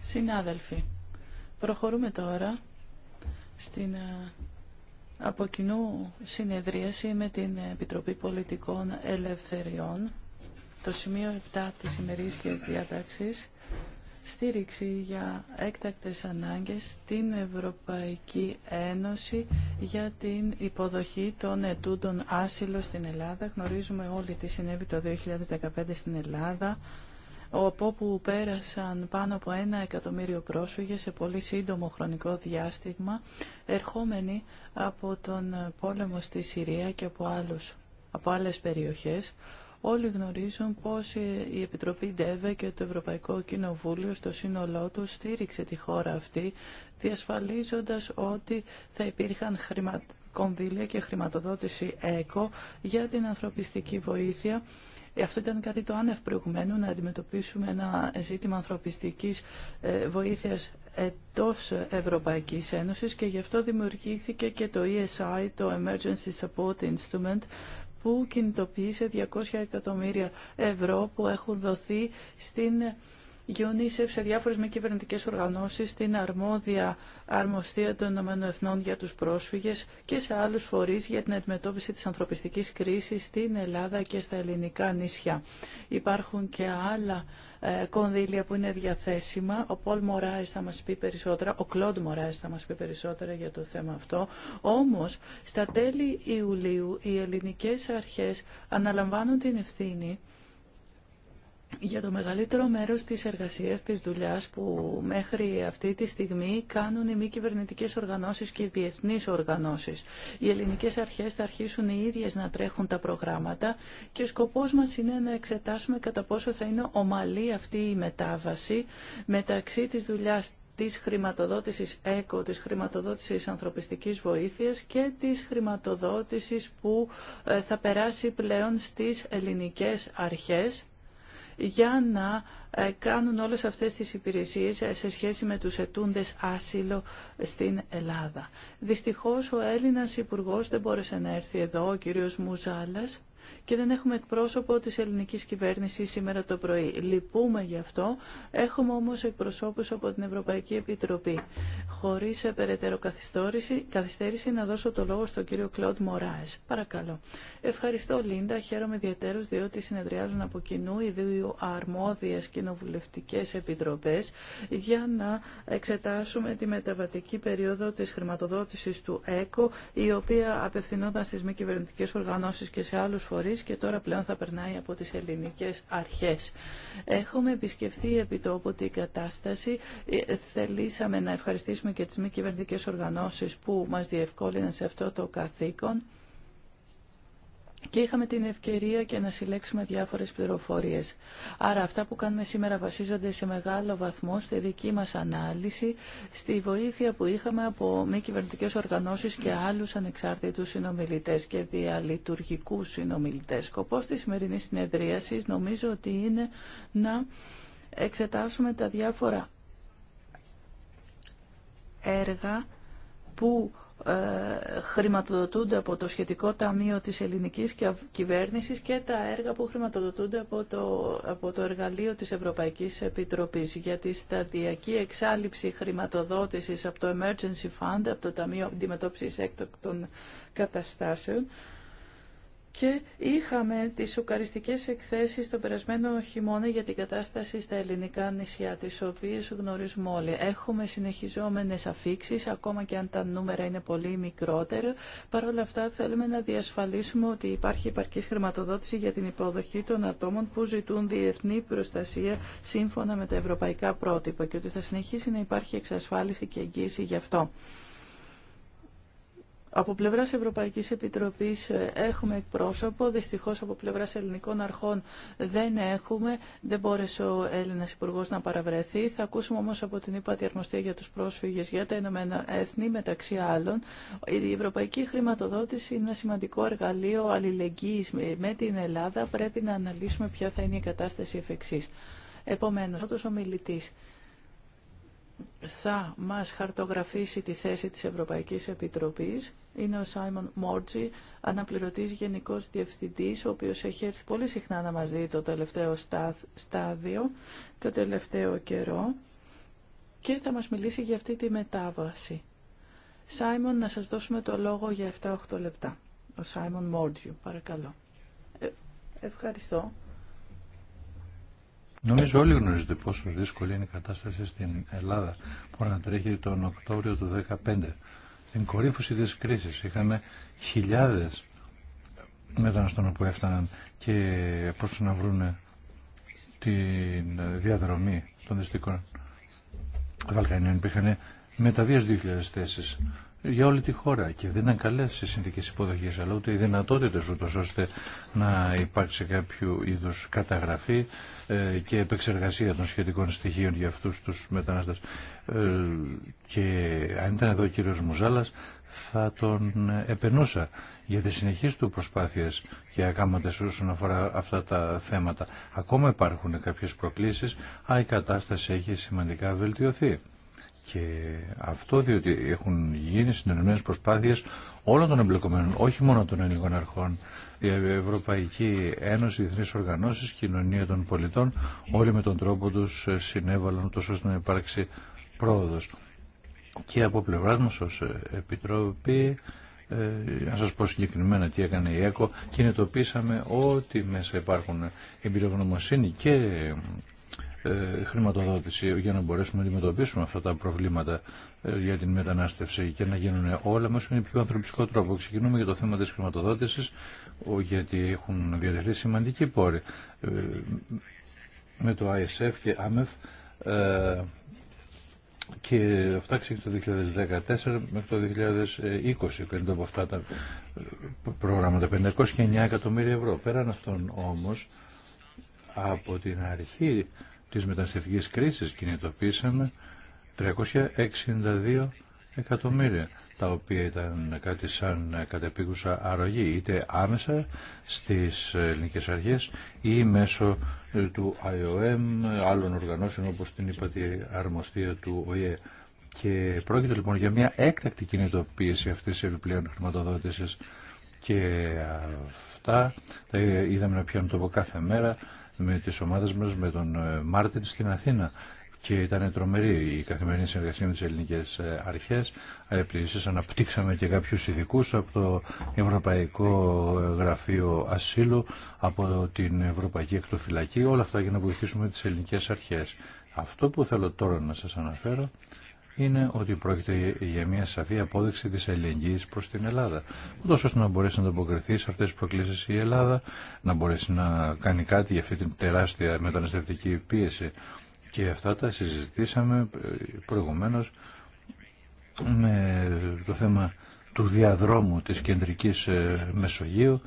Συνάδελφοι, προχωρούμε τώρα στην ε, από κοινού συνεδρίαση με την Επιτροπή Πολιτικών Ελευθεριών, το σημείο 7 της ημερήσιας διάταξης, στήριξη για έκτακτες ανάγκες στην Ευρωπαϊκή Ένωση για την υποδοχή των ετούντων άσυλο στην Ελλάδα. Γνωρίζουμε όλοι τι συνέβη το 2015 στην Ελλάδα όπου πέρασαν πάνω από ένα εκατομμύριο πρόσφυγες σε πολύ σύντομο χρονικό διάστημα, ερχόμενοι από τον πόλεμο στη Συρία και από, άλλους, από άλλες περιοχές, Όλοι γνωρίζουν πως η Επιτροπή Ντεβε και το Ευρωπαϊκό Κοινοβούλιο στο σύνολό του στήριξε τη χώρα αυτή, διασφαλίζοντας ότι θα υπήρχαν χρημα... κονδύλια και χρηματοδότηση ΕΚΟ για την ανθρωπιστική βοήθεια αυτό ήταν κάτι το άνευ προηγουμένου, να αντιμετωπίσουμε ένα ζήτημα ανθρωπιστικής ε, βοήθειας εντός Ευρωπαϊκής Ένωσης και γι' αυτό δημιουργήθηκε και το ESI, το Emergency Support Instrument, που σε 200 εκατομμύρια ευρώ που έχουν δοθεί στην UNICEF σε διάφορες μη κυβερνητικέ οργανώσεις, στην αρμόδια αρμοστία των Εθνών για τους πρόσφυγες και σε άλλους φορείς για την αντιμετώπιση της ανθρωπιστικής κρίσης στην Ελλάδα και στα ελληνικά νησιά. Υπάρχουν και άλλα ε, κονδύλια που είναι διαθέσιμα. Ο Πολ Μωράης θα μας πει περισσότερα, ο Κλοντ Μωράης θα μας πει περισσότερα για το θέμα αυτό. Όμως, στα τέλη Ιουλίου, οι ελληνικές αρχές αναλαμβάνουν την ευθύνη για το μεγαλύτερο μέρος της εργασίας, της δουλειάς που μέχρι αυτή τη στιγμή κάνουν οι μη κυβερνητικέ οργανώσεις και οι διεθνείς οργανώσεις. Οι ελληνικές αρχές θα αρχίσουν οι ίδιες να τρέχουν τα προγράμματα και ο σκοπός μας είναι να εξετάσουμε κατά πόσο θα είναι ομαλή αυτή η μετάβαση μεταξύ της δουλειάς της χρηματοδότησης ΕΚΟ, της χρηματοδότησης ανθρωπιστικής βοήθειας και της χρηματοδότησης που ε, θα περάσει πλέον στις ελληνικές αρχές για να ε, κάνουν όλες αυτές τις υπηρεσίες ε, σε σχέση με τους ετούντες άσυλο στην Ελλάδα. Δυστυχώς ο Έλληνας Υπουργός δεν μπόρεσε να έρθει εδώ, ο κύριος Μουζάλας, και δεν έχουμε εκπρόσωπο της ελληνικής κυβέρνησης σήμερα το πρωί. Λυπούμε γι' αυτό. Έχουμε όμως εκπροσώπους από την Ευρωπαϊκή Επιτροπή. Χωρίς περαιτέρω καθυστέρηση να δώσω το λόγο στον κύριο Κλοντ Μωράες. Παρακαλώ. Ευχαριστώ Λίντα. Χαίρομαι ιδιαίτερως διότι συνεδριάζουν από κοινού οι δύο αρμόδιες κοινοβουλευτικές επιτροπές για να εξετάσουμε τη μεταβατική περίοδο της χρηματοδότησης του ΕΚΟ η οποία απευθυνόταν στις μη κυβερνητικές οργανώσεις και σε άλλους φορείς και τώρα πλέον θα περνάει από τις ελληνικές αρχές. Έχουμε επισκεφθεί επί τόπου την κατάσταση. Ε, θελήσαμε να ευχαριστήσουμε και τις μη κυβερνητικέ οργανώσεις που μας διευκόλυναν σε αυτό το καθήκον και είχαμε την ευκαιρία και να συλλέξουμε διάφορες πληροφορίες. Άρα αυτά που κάνουμε σήμερα βασίζονται σε μεγάλο βαθμό στη δική μας ανάλυση, στη βοήθεια που είχαμε από μη κυβερνητικέ οργανώσεις και άλλους ανεξάρτητους συνομιλητές και διαλειτουργικούς συνομιλητές. Σκοπός της σημερινή συνεδρίασης νομίζω ότι είναι να εξετάσουμε τα διάφορα έργα που ε, χρηματοδοτούνται από το σχετικό ταμείο της ελληνικής κυβέρνησης και τα έργα που χρηματοδοτούνται από το, από το εργαλείο της Ευρωπαϊκής Επιτροπής για τη σταδιακή εξάλληψη χρηματοδότησης από το Emergency Fund, από το Ταμείο Αντιμετώπισης Έκτοκτων Καταστάσεων και είχαμε τις σοκαριστικές εκθέσεις τον περασμένο χειμώνα για την κατάσταση στα ελληνικά νησιά, τις οποίες γνωρίζουμε όλοι. Έχουμε συνεχιζόμενες αφήξεις, ακόμα και αν τα νούμερα είναι πολύ μικρότερα. Παρ' όλα αυτά θέλουμε να διασφαλίσουμε ότι υπάρχει επαρκής χρηματοδότηση για την υποδοχή των ατόμων που ζητούν διεθνή προστασία σύμφωνα με τα ευρωπαϊκά πρότυπα και ότι θα συνεχίσει να υπάρχει εξασφάλιση και εγγύηση γι' αυτό. Από πλευράς Ευρωπαϊκής Επιτροπής ε, έχουμε πρόσωπο. δυστυχώς από πλευράς ελληνικών αρχών δεν έχουμε, δεν μπόρεσε ο Έλληνας Υπουργός να παραβρεθεί. Θα ακούσουμε όμως από την ΥΠΑΤΗ Αρμοστία για τους πρόσφυγες για τα Ηνωμένα Έθνη, μεταξύ άλλων. Η ευρωπαϊκή χρηματοδότηση είναι ένα σημαντικό εργαλείο αλληλεγγύης με την Ελλάδα. Πρέπει να αναλύσουμε ποια θα είναι η κατάσταση εφ' εξής. Επομένως, ο ομιλητής θα μας χαρτογραφήσει τη θέση της Ευρωπαϊκής Επιτροπής είναι ο Σάιμον Μόρτζι, αναπληρωτής γενικός διευθυντής, ο οποίος έχει έρθει πολύ συχνά να μας δει το τελευταίο στάδιο, το τελευταίο καιρό και θα μας μιλήσει για αυτή τη μετάβαση. Σάιμον, να σας δώσουμε το λόγο για 7-8 λεπτά. Ο Σάιμον Μόρτζι, παρακαλώ. Ε, ευχαριστώ. Νομίζω όλοι γνωρίζετε πόσο δύσκολη είναι η κατάσταση στην Ελλάδα που ανατρέχει τον Οκτώβριο του 2015. Στην κορύφωση της κρίσης είχαμε χιλιάδες μεταναστών που έφταναν και πώς να βρουν τη διαδρομή των δυστικών Βαλκανίων. Υπήρχαν μεταβίες 2.000 θέσεις για όλη τη χώρα και δεν ήταν καλέ οι συνθήκε υποδοχή, αλλά ούτε οι δυνατότητε ούτω ώστε να υπάρξει κάποιο είδου καταγραφή ε, και επεξεργασία των σχετικών στοιχείων για αυτού του μετανάστε. Ε, και αν ήταν εδώ ο κύριο Μουζάλα, θα τον επενούσα για τι συνεχεί του προσπάθειες και ακάματε όσον αφορά αυτά τα θέματα. Ακόμα υπάρχουν κάποιε προκλήσει, αλλά η κατάσταση έχει σημαντικά βελτιωθεί. Και αυτό διότι έχουν γίνει συνεννοημένε προσπάθειες όλων των εμπλεκομένων, όχι μόνο των ελληνικών αρχών, η Ευρωπαϊκή Ένωση, οι διεθνεί οργανώσεις, κοινωνία των πολιτών, όλοι με τον τρόπο τους συνέβαλαν τόσο ώστε να υπάρξει πρόοδο. Και από πλευρά μα ως Επιτροπή, ε, να σας πω συγκεκριμένα τι έκανε η ΕΚΟ, κινητοποίησαμε ό,τι μέσα υπάρχουν εμπειρογνωμοσύνη και ε, χρηματοδότηση για να μπορέσουμε να αντιμετωπίσουμε αυτά τα προβλήματα ε, για την μετανάστευση και να γίνουν όλα μας με πιο ανθρωπιστικό τρόπο. Ξεκινούμε για το θέμα της χρηματοδότησης γιατί έχουν διατεθεί σημαντικοί πόροι ε, με το ISF και AMEF και αυτά ξεκινούν το 2014 μέχρι το 2020 Και από αυτά τα προγράμματα 509 εκατομμύρια ευρώ. Πέραν αυτών όμως από την αρχή της μεταναστευτικής κρίσης κινητοποίησαμε 362 εκατομμύρια, τα οποία ήταν κάτι σαν κατεπίγουσα αρρωγή, είτε άμεσα στις ελληνικές αρχές ή μέσω ε, του IOM, άλλων οργανώσεων όπως την τη αρμοστία του ΟΗΕ. Και πρόκειται λοιπόν για μια έκτακτη κινητοποίηση αυτής της επιπλέον χρηματοδότησης και αυτά τα είδαμε να πιάνουν από κάθε μέρα με τις ομάδες μας, με τον ε, Μάρτιν στην Αθήνα και ήταν τρομερή η καθημερινή συνεργασία με τις ελληνικές ε, αρχές. Ε, επίσης αναπτύξαμε και κάποιους ειδικού από το Ευρωπαϊκό Γραφείο Ασύλου, από την Ευρωπαϊκή Εκτοφυλακή, όλα αυτά για να βοηθήσουμε τις ελληνικές αρχές. Αυτό που θέλω τώρα να σας αναφέρω είναι ότι πρόκειται για μια σαφή απόδειξη της αλληλεγγύη προς την Ελλάδα. Ούτως ώστε να μπορέσει να ανταποκριθεί σε αυτές τις προκλήσεις η Ελλάδα, να μπορέσει να κάνει κάτι για αυτή την τεράστια μεταναστευτική πίεση. Και αυτά τα συζητήσαμε ε, προηγουμένως με το θέμα του διαδρόμου της κεντρικής ε, Μεσογείου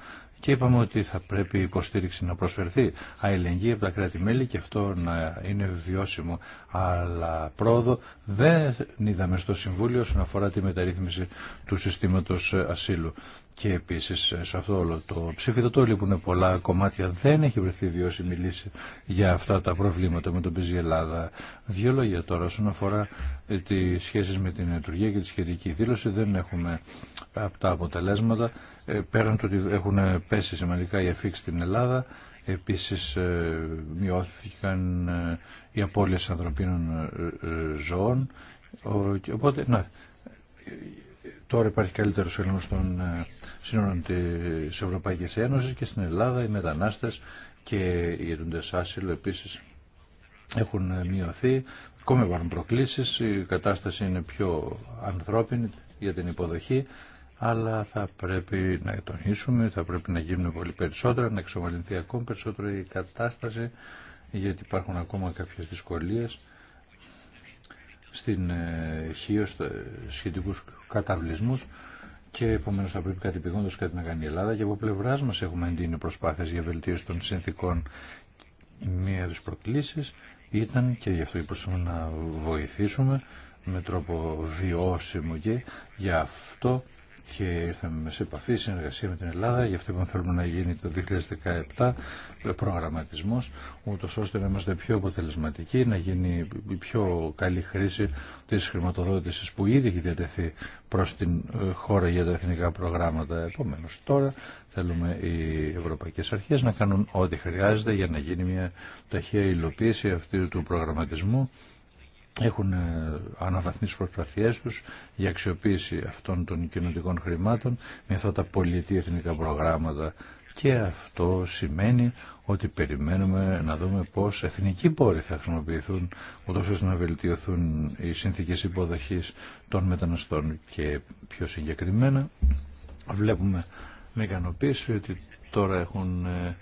και είπαμε ότι θα πρέπει η υποστήριξη να προσφερθεί αελεγγύη από τα κράτη-μέλη και αυτό να είναι βιώσιμο. Αλλά πρόοδο δεν είδαμε στο Συμβούλιο όσον αφορά τη μεταρρύθμιση του συστήματος ασύλου. Και επίσης σε αυτό όλο το ψηφιδωτό λείπουν πολλά κομμάτια. Δεν έχει βρεθεί βιώσιμη λύση για αυτά τα προβλήματα με τον Πεζή Ελλάδα. Δύο λόγια τώρα όσον αφορά ε, τι σχέσεις με την Τουρκία και τη σχετική δήλωση. Δεν έχουμε ε, τα αποτελέσματα. Ε, πέραν του ότι έχουν πέσει σημαντικά οι αφήξεις στην Ελλάδα, επίσης ε, μειώθηκαν ε, οι απώλειες ανθρωπίνων ζώων. Οπότε, να, τώρα υπάρχει καλύτερο έλεγχο των σύνορων τη Ευρωπαϊκή Ένωση και στην Ελλάδα οι μετανάστες και οι ετούντε άσυλο επίση έχουν μειωθεί. Ακόμα υπάρχουν προκλήσει, η κατάσταση είναι πιο ανθρώπινη για την υποδοχή αλλά θα πρέπει να τονίσουμε, θα πρέπει να γίνουν πολύ περισσότερα, να εξομαλυνθεί ακόμη περισσότερο η κατάσταση, γιατί υπάρχουν ακόμα κάποιες δυσκολίες στην ε, χείο, σχετικούς καταβλισμούς και επομένως θα πρέπει πηγόντως κάτι να κάνει η Ελλάδα και από πλευρά μα έχουμε εντείνει προσπάθειες για βελτίωση των συνθήκων μία από τις ήταν και γι' αυτό είπαμε να βοηθήσουμε με τρόπο βιώσιμο και γι' αυτό και ήρθαμε σε επαφή, συνεργασία με την Ελλάδα για αυτό που θέλουμε να γίνει το 2017 προγραμματισμός ούτως ώστε να είμαστε πιο αποτελεσματικοί να γίνει πιο καλή χρήση της χρηματοδότησης που ήδη έχει διατεθεί προς την ε, χώρα για τα εθνικά προγράμματα επομένως τώρα θέλουμε οι ευρωπαϊκές αρχές να κάνουν ό,τι χρειάζεται για να γίνει μια ταχεία υλοποίηση αυτού του προγραμματισμού έχουν ε, αναβαθμίσει προσπαθιές τους για αξιοποίηση αυτών των κοινωτικών χρημάτων με αυτά τα πολιτή εθνικά προγράμματα και αυτό σημαίνει ότι περιμένουμε να δούμε πώς εθνικοί πόροι θα χρησιμοποιηθούν ούτως ώστε να βελτιωθούν οι συνθήκες υποδοχής των μεταναστών και πιο συγκεκριμένα βλέπουμε με ικανοποίηση ότι τώρα έχουν ε,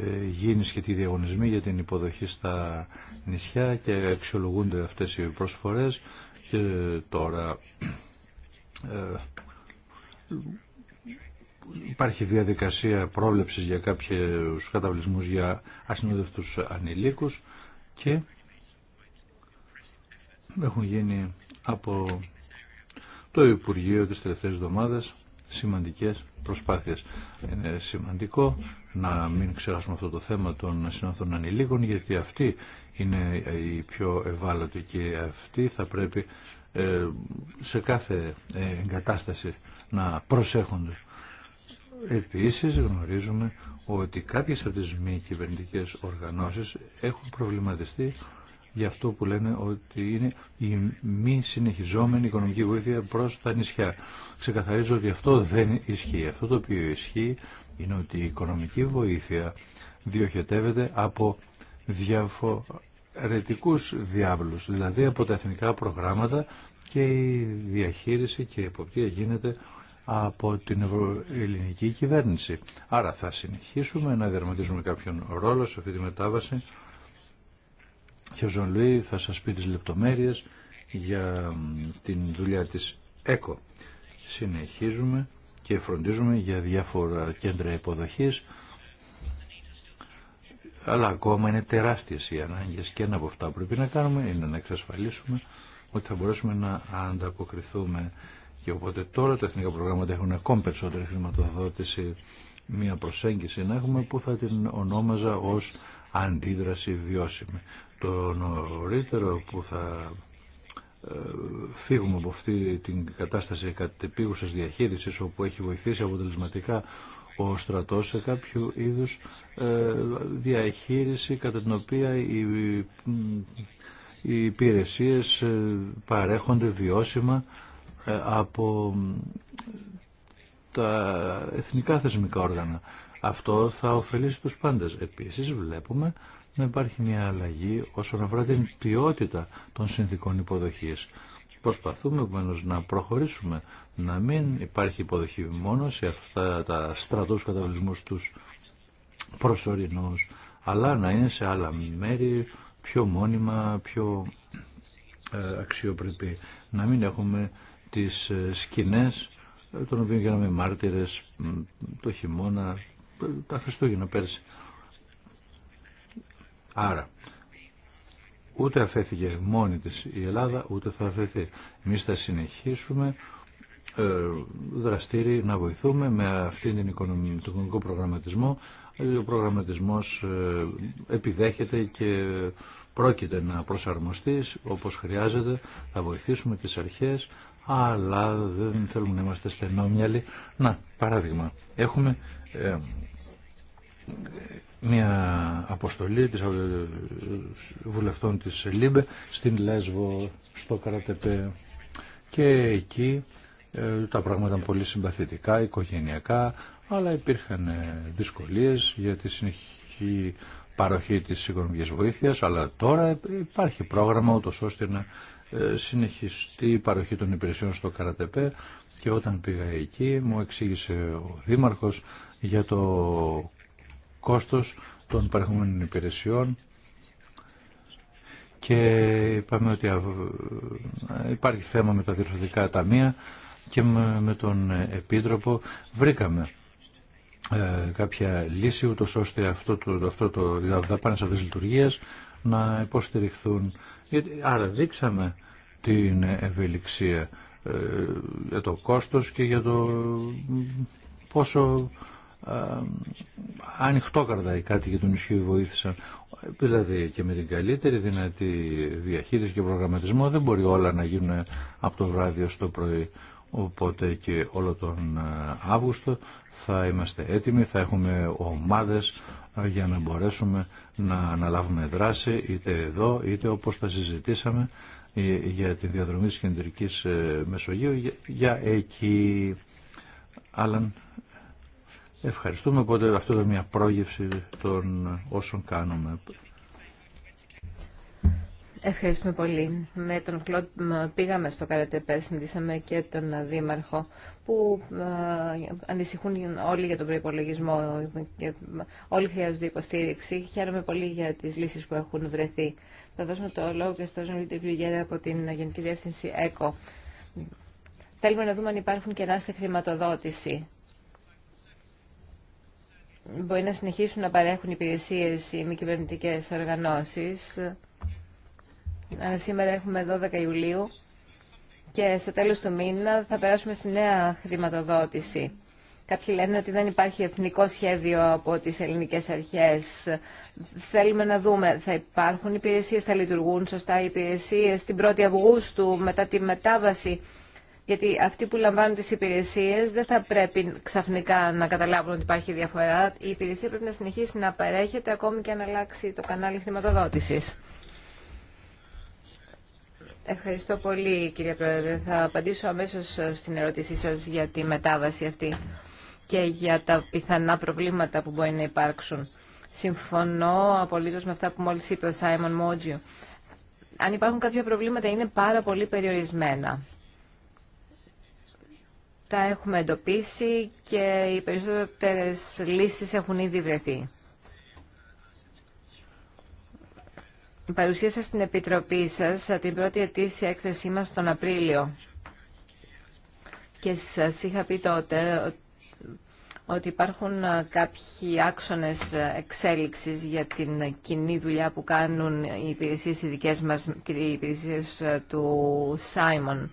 ε, γίνει σχετικοί διαγωνισμοί για την υποδοχή στα νησιά και αξιολογούνται αυτές οι προσφορές και τώρα ε, υπάρχει διαδικασία πρόβλεψης για κάποιους καταβλισμούς για ασυνόδευτους ανηλίκους και έχουν γίνει από το Υπουργείο τις τελευταίες εβδομάδες σημαντικές προσπάθειες. Είναι σημαντικό να μην ξεχάσουμε αυτό το θέμα των συνόθων ανηλίκων γιατί αυτοί είναι η πιο ευάλωτοι και αυτοί θα πρέπει ε, σε κάθε ε, εγκατάσταση να προσέχονται. Επίσης γνωρίζουμε ότι κάποιες από τις μη κυβερνητικέ οργανώσεις έχουν προβληματιστεί για αυτό που λένε ότι είναι η μη συνεχιζόμενη οικονομική βοήθεια προς τα νησιά. Ξεκαθαρίζω ότι αυτό δεν ισχύει. Αυτό το οποίο ισχύει είναι ότι η οικονομική βοήθεια διοχετεύεται από διαφορετικούς διάβλους, δηλαδή από τα εθνικά προγράμματα και η διαχείριση και η εποπτεία γίνεται από την ελληνική κυβέρνηση. Άρα θα συνεχίσουμε να δερματίζουμε κάποιον ρόλο σε αυτή τη μετάβαση και ο Ζων θα σας πει τις λεπτομέρειες για την δουλειά της ΕΚΟ. Συνεχίζουμε και φροντίζουμε για διάφορα κέντρα υποδοχής αλλά ακόμα είναι τεράστιες οι ανάγκες και ένα από αυτά που πρέπει να κάνουμε είναι να εξασφαλίσουμε ότι θα μπορέσουμε να ανταποκριθούμε και οπότε τώρα τα εθνικά προγράμματα έχουν ακόμη περισσότερη χρηματοδότηση μια προσέγγιση να έχουμε που θα την ονόμαζα ως αντίδραση βιώσιμη. Το νωρίτερο που θα ε, φύγουμε από αυτή την κατάσταση κατεπίγουσας διαχείρισης όπου έχει βοηθήσει αποτελεσματικά ο στρατός σε κάποιο είδους ε, διαχείριση κατά την οποία οι, οι υπηρεσίες ε, παρέχονται βιώσιμα από τα εθνικά θεσμικά όργανα. Αυτό θα ωφελήσει τους πάντες. Επίσης βλέπουμε να υπάρχει μια αλλαγή όσον αφορά την ποιότητα των συνθήκων υποδοχής. Προσπαθούμε επομένω να προχωρήσουμε, να μην υπάρχει υποδοχή μόνο σε αυτά τα στρατούς καταβλισμούς τους προσωρινούς, αλλά να είναι σε άλλα μέρη πιο μόνιμα, πιο ε, αξιοπρεπή. Να μην έχουμε τις ε, σκηνές ε, των οποίων γίναμε μάρτυρες το χειμώνα, τα Χριστούγεννα πέρσι. Άρα, ούτε αφέθηκε μόνη της η Ελλάδα, ούτε θα αφαιθεί. Εμείς θα συνεχίσουμε ε, δραστήριοι να βοηθούμε με αυτήν την οικονομικό προγραμματισμό. Ο προγραμματισμός ε, επιδέχεται και πρόκειται να προσαρμοστεί όπως χρειάζεται. Θα βοηθήσουμε τις αρχές, αλλά δεν θέλουμε να είμαστε στενόμυαλοι. Να, παράδειγμα, έχουμε... Ε, μια αποστολή της ε, βουλευτών της ΛΥΜΠΕ στην Λέσβο στο Καρατεπέ και εκεί ε, τα πράγματα ήταν πολύ συμπαθητικά, οικογενειακά αλλά υπήρχαν ε, δυσκολίες για τη συνεχή παροχή της οικονομικής βοήθειας αλλά τώρα υπάρχει πρόγραμμα ούτως ώστε να συνεχιστεί η παροχή των υπηρεσιών στο Καρατεπέ και όταν πήγα εκεί μου εξήγησε ο Δήμαρχος για το κόστος των παρεχόμενων υπηρεσιών και είπαμε ότι υπάρχει θέμα με τα διευθυντικά ταμεία και με τον Επίτροπο βρήκαμε ε, κάποια λύση ούτως ώστε αυτό το, αυτό το δαπάνες αυτές να υποστηριχθούν. Άρα δείξαμε την ευελιξία ε, για το κόστος και για το πόσο ε, ανοιχτόκαρδα οι κάτοικοι του νησιού βοήθησαν. Δηλαδή και με την καλύτερη δυνατή διαχείριση και προγραμματισμό δεν μπορεί όλα να γίνουν από το βράδυ ως το πρωί. Οπότε και όλο τον ε, Αύγουστο θα είμαστε έτοιμοι, θα έχουμε ομάδες ε, για να μπορέσουμε να αναλάβουμε δράση είτε εδώ είτε όπως τα συζητήσαμε για τη διαδρομή της Κεντρικής Μεσογείου για εκεί. Άλλαν. Ευχαριστούμε, οπότε αυτό ήταν μια πρόγευση των όσων κάνουμε. Ευχαριστούμε πολύ. Με τον Κλοντ πήγαμε στο Καρατεπέ, συνδύσαμε και τον Δήμαρχο, που ανησυχούν όλοι για τον προπολογισμό και όλοι χρειάζονται υποστήριξη. Χαίρομαι πολύ για τις λύσεις που έχουν βρεθεί. Θα δώσουμε το λόγο και στον Ζωνίτη από την Γενική Διεύθυνση ΕΚΟ. Θέλουμε να δούμε αν υπάρχουν κενά στη χρηματοδότηση μπορεί να συνεχίσουν να παρέχουν υπηρεσίες οι μη κυβερνητικέ οργανώσεις. Αλλά σήμερα έχουμε 12 Ιουλίου και στο τέλος του μήνα θα περάσουμε στη νέα χρηματοδότηση. Κάποιοι λένε ότι δεν υπάρχει εθνικό σχέδιο από τις ελληνικές αρχές. Θέλουμε να δούμε, θα υπάρχουν υπηρεσίες, θα λειτουργούν σωστά οι υπηρεσίες την 1η Αυγούστου μετά τη μετάβαση γιατί αυτοί που λαμβάνουν τις υπηρεσίες δεν θα πρέπει ξαφνικά να καταλάβουν ότι υπάρχει διαφορά. Η υπηρεσία πρέπει να συνεχίσει να παρέχεται ακόμη και αν αλλάξει το κανάλι χρηματοδότησης. Ευχαριστώ πολύ κύριε Πρόεδρε. Θα απαντήσω αμέσως στην ερώτησή σας για τη μετάβαση αυτή και για τα πιθανά προβλήματα που μπορεί να υπάρξουν. Συμφωνώ απολύτως με αυτά που μόλις είπε ο Σάιμον Μότζιου. Αν υπάρχουν κάποια προβλήματα είναι πάρα πολύ περιορισμένα τα έχουμε εντοπίσει και οι περισσότερες λύσεις έχουν ήδη βρεθεί. Παρουσίασα στην Επιτροπή σας την πρώτη ετήσια έκθεσή μας τον Απρίλιο και σας είχα πει τότε ότι υπάρχουν κάποιοι άξονες εξέλιξης για την κοινή δουλειά που κάνουν οι υπηρεσίες ειδικές μας και οι υπηρεσίες του Σάιμον.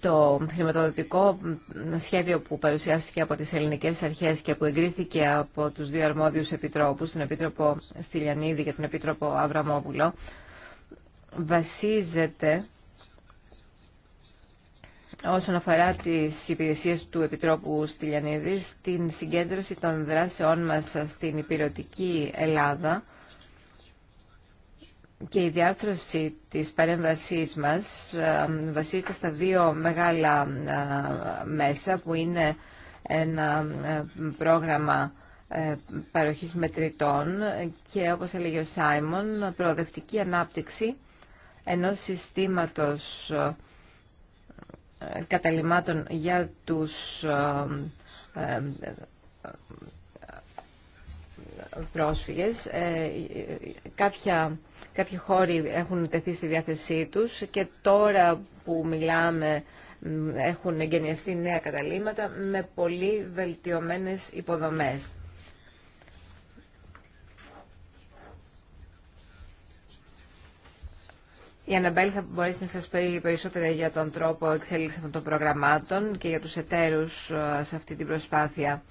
το χρηματοδοτικό σχέδιο που παρουσιάστηκε από τις ελληνικές αρχές και που εγκρίθηκε από τους δύο αρμόδιους επιτρόπους, τον Επίτροπο Στυλιανίδη και τον Επίτροπο Αβραμόπουλο, βασίζεται όσον αφορά τις υπηρεσίες του Επιτρόπου Στυλιανίδη στην συγκέντρωση των δράσεών μας στην υπηρετική Ελλάδα, και η διάρθρωση της παρέμβασής μας ε, βασίζεται στα δύο μεγάλα ε, μέσα που είναι ένα ε, πρόγραμμα παροχής μετρητών και όπως έλεγε ο Σάιμον προοδευτική ανάπτυξη ενός συστήματος καταλημάτων για τους πρόσφυγες. Ε, κάποια, κάποιοι χώροι έχουν τεθεί στη διάθεσή τους και τώρα που μιλάμε έχουν εγκαινιαστεί νέα καταλήματα με πολύ βελτιωμένες υποδομές. Η Αναμπέλ θα μπορέσει να σας πει περισσότερα για τον τρόπο εξέλιξη αυτών των προγραμμάτων και για τους εταίρους ε, σε αυτή την προσπάθεια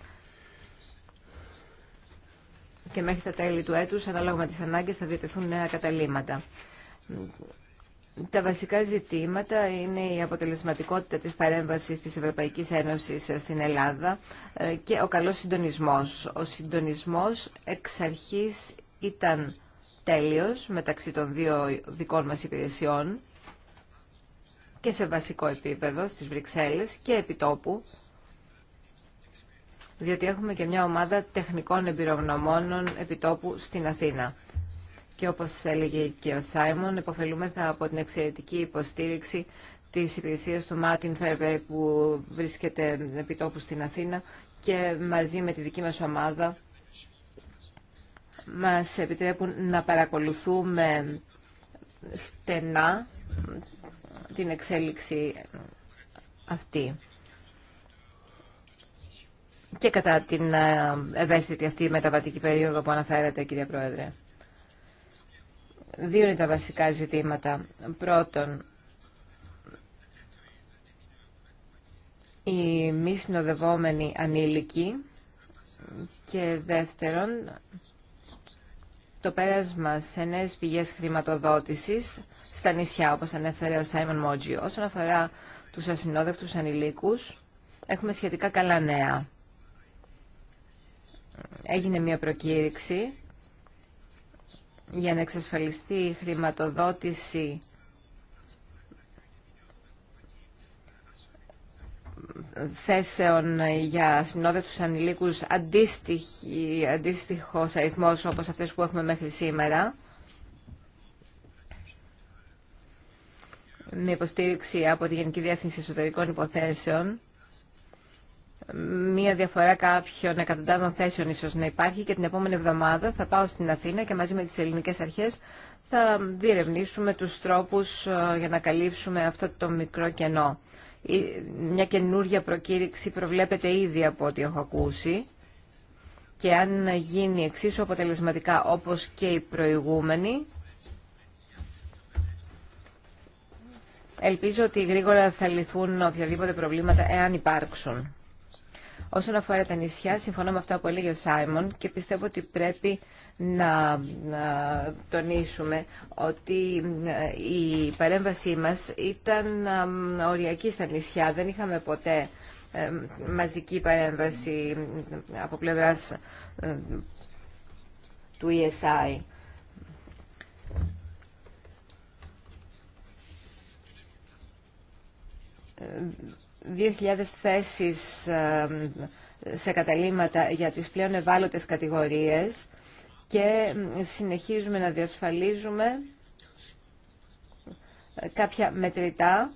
και μέχρι τα τέλη του έτους, ανάλογα με τις ανάγκες, θα διατεθούν νέα καταλήμματα. Τα βασικά ζητήματα είναι η αποτελεσματικότητα της παρέμβασης της Ευρωπαϊκής Ένωσης στην Ελλάδα ε, και ο καλός συντονισμός. Ο συντονισμός εξ αρχής ήταν τέλειος μεταξύ των δύο δικών μας υπηρεσιών και σε βασικό επίπεδο στις Βρυξέλλες και επιτόπου διότι έχουμε και μια ομάδα τεχνικών εμπειρογνωμόνων επιτόπου στην Αθήνα. Και όπως έλεγε και ο Σάιμον, θα από την εξαιρετική υποστήριξη της υπηρεσίας του Μάρτιν Φέρβε που βρίσκεται επιτόπου στην Αθήνα και μαζί με τη δική μας ομάδα μας επιτρέπουν να παρακολουθούμε στενά την εξέλιξη αυτή και κατά την ε, ευαίσθητη αυτή μεταβατική περίοδο που αναφέρατε, κύριε Πρόεδρε. Δύο είναι τα βασικά ζητήματα. Πρώτον, οι μη συνοδευόμενοι ανήλικοι και δεύτερον, το πέρασμα σε νέες πηγές χρηματοδότησης στα νησιά, όπως ανέφερε ο Σάιμον Μότζι. Όσον αφορά τους ασυνόδευτους ανηλίκους, έχουμε σχετικά καλά νέα έγινε μια προκήρυξη για να εξασφαλιστεί η χρηματοδότηση θέσεων για συνόδευτους ανηλίκους αντίστοιχος αριθμός όπως αυτές που έχουμε μέχρι σήμερα με υποστήριξη από τη Γενική Διεύθυνση Εσωτερικών Υποθέσεων μία διαφορά κάποιων εκατοντάδων θέσεων ίσως να υπάρχει και την επόμενη εβδομάδα θα πάω στην Αθήνα και μαζί με τις ελληνικές αρχές θα διερευνήσουμε τους τρόπους ε, για να καλύψουμε αυτό το μικρό κενό. Μια καινούργια προκήρυξη προβλέπεται ήδη από ό,τι έχω ακούσει και αν γίνει εξίσου αποτελεσματικά όπως και οι προηγούμενοι ελπίζω ότι γρήγορα θα λυθούν οποιαδήποτε προβλήματα εάν υπάρξουν. Όσον αφορά τα νησιά, συμφωνώ με αυτά που έλεγε ο Σάιμον και πιστεύω ότι πρέπει να, τονίσουμε ότι ε, η παρέμβασή μας ήταν οριακή στα νησιά. Δεν είχαμε ποτέ ε, μαζική παρέμβαση από πλευράς ε, του ESI. 2.000 θέσεις σε καταλήμματα για τις πλέον ευάλωτες κατηγορίες και συνεχίζουμε να διασφαλίζουμε ε, κάποια μετρητά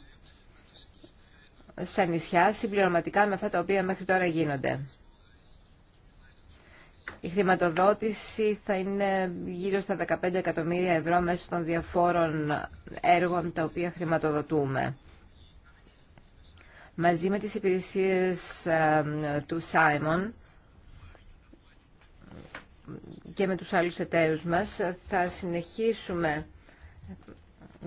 στα νησιά συμπληρωματικά με αυτά τα οποία μέχρι τώρα γίνονται. Η χρηματοδότηση θα είναι γύρω στα 15 εκατομμύρια ευρώ μέσω των διαφόρων έργων τα οποία χρηματοδοτούμε μαζί με τις υπηρεσίες του Σάιμον και με τους άλλους εταίρους μας θα συνεχίσουμε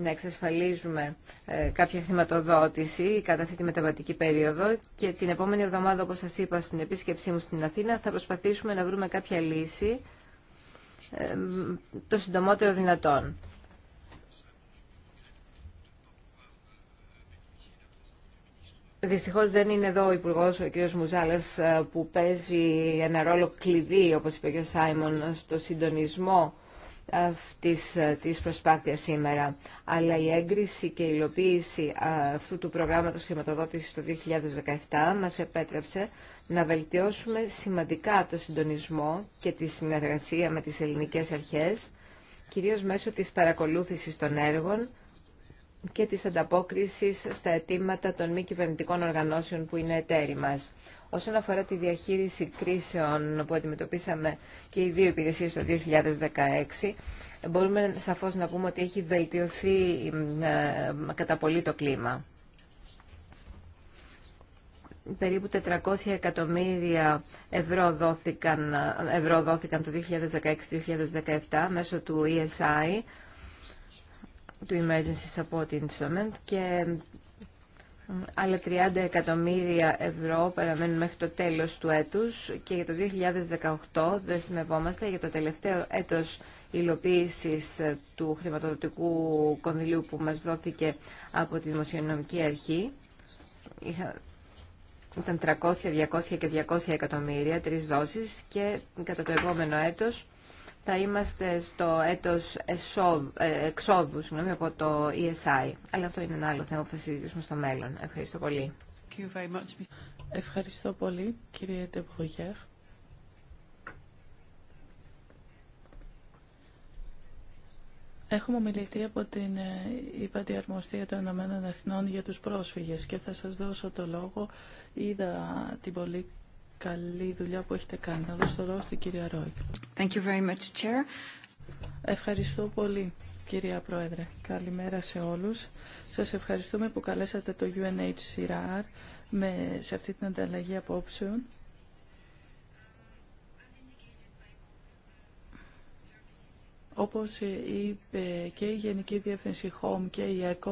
να εξασφαλίζουμε ε, κάποια χρηματοδότηση κατά αυτή τη μεταβατική περίοδο και την επόμενη εβδομάδα, όπως σας είπα στην επίσκεψή μου στην Αθήνα, θα προσπαθήσουμε να βρούμε κάποια λύση το συντομότερο δυνατόν. Δυστυχώ δεν είναι εδώ ο Υπουργό, ο κ. Μουζάλα, ε, που παίζει ένα ρόλο κλειδί, όπω είπε και ο Σάιμον, στο συντονισμό αυτής ε, της προσπάθειας σήμερα. Αλλά η έγκριση και η υλοποίηση ε, αυτού του προγράμματος χρηματοδότησης το 2017 μας επέτρεψε να βελτιώσουμε σημαντικά το συντονισμό και τη συνεργασία με τις ελληνικές αρχές, κυρίως μέσω της παρακολούθησης των έργων, και της ανταπόκρισης στα αιτήματα των μη κυβερνητικών οργανώσεων που είναι εταίροι μας. Όσον αφορά τη διαχείριση κρίσεων που αντιμετωπίσαμε και οι δύο υπηρεσίες το 2016, μπορούμε σαφώς να πούμε ότι έχει βελτιωθεί ε, κατά πολύ το κλίμα. Περίπου 400 εκατομμύρια ευρώ δόθηκαν, ευρώ δόθηκαν το 2016-2017 μέσω του ESI, του Emergency Support Instrument και άλλα 30 εκατομμύρια ευρώ παραμένουν μέχρι το τέλος του έτους και για το 2018 δεσμευόμαστε για το τελευταίο έτος υλοποίησης ε, του χρηματοδοτικού κονδυλίου που μας δόθηκε από τη Δημοσιονομική Αρχή. Ήταν 300, 200 και 200 εκατομμύρια, τρεις δόσεις και κατά το επόμενο έτος θα είμαστε στο έτος ε, εξόδου συγγνώμη, από το ESI. Αλλά αυτό είναι ένα άλλο θέμα που θα συζητήσουμε στο μέλλον. Ευχαριστώ πολύ. Ευχαριστώ πολύ, κύριε Τεμπογιέρ. Έχουμε μιλητή από την ε, ΥΠΑΤΗ Αρμοστία των Ηνωμένων Εθνών για τους πρόσφυγες και θα σας δώσω το λόγο. Είδα την πολύ καλή δουλειά που έχετε κάνει. Να δώσω το λόγο στην κυρία Ρόικ. Thank you very much, Chair. Ευχαριστώ πολύ. Κυρία Πρόεδρε, καλημέρα σε όλους. Σας ευχαριστούμε που καλέσατε το UNHCR με, σε αυτή την ανταλλαγή απόψεων. Όπως είπε και η Γενική Διεύθυνση HOME και η ECO,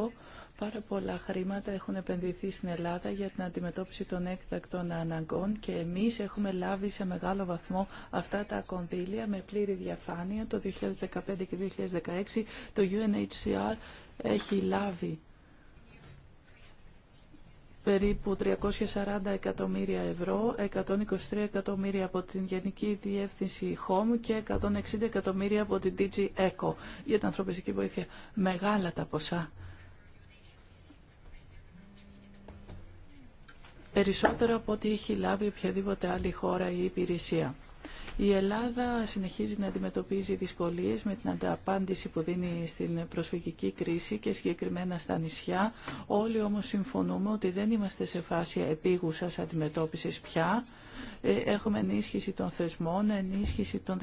Πάρα πολλά χρήματα έχουν επενδυθεί στην Ελλάδα για την αντιμετώπιση των έκτακτων αναγκών και εμείς έχουμε λάβει σε μεγάλο βαθμό αυτά τα κονδύλια με πλήρη διαφάνεια. Το 2015 και 2016 το UNHCR έχει λάβει περίπου 340 εκατομμύρια ευρώ, 123 εκατομμύρια από την Γενική Διεύθυνση Home και 160 εκατομμύρια από την DG ECO για την ανθρωπιστική βοήθεια. Μεγάλα τα ποσά. περισσότερο από ό,τι έχει λάβει οποιαδήποτε άλλη χώρα ή υπηρεσία. Η Ελλάδα συνεχίζει να αντιμετωπίζει δυσκολίες με την ανταπάντηση που δίνει στην προσφυγική κρίση και συγκεκριμένα στα νησιά. Όλοι όμως συμφωνούμε ότι δεν είμαστε σε φάση επίγουσας αντιμετώπισης πια. Ε, έχουμε ενίσχυση των θεσμών, ενίσχυση των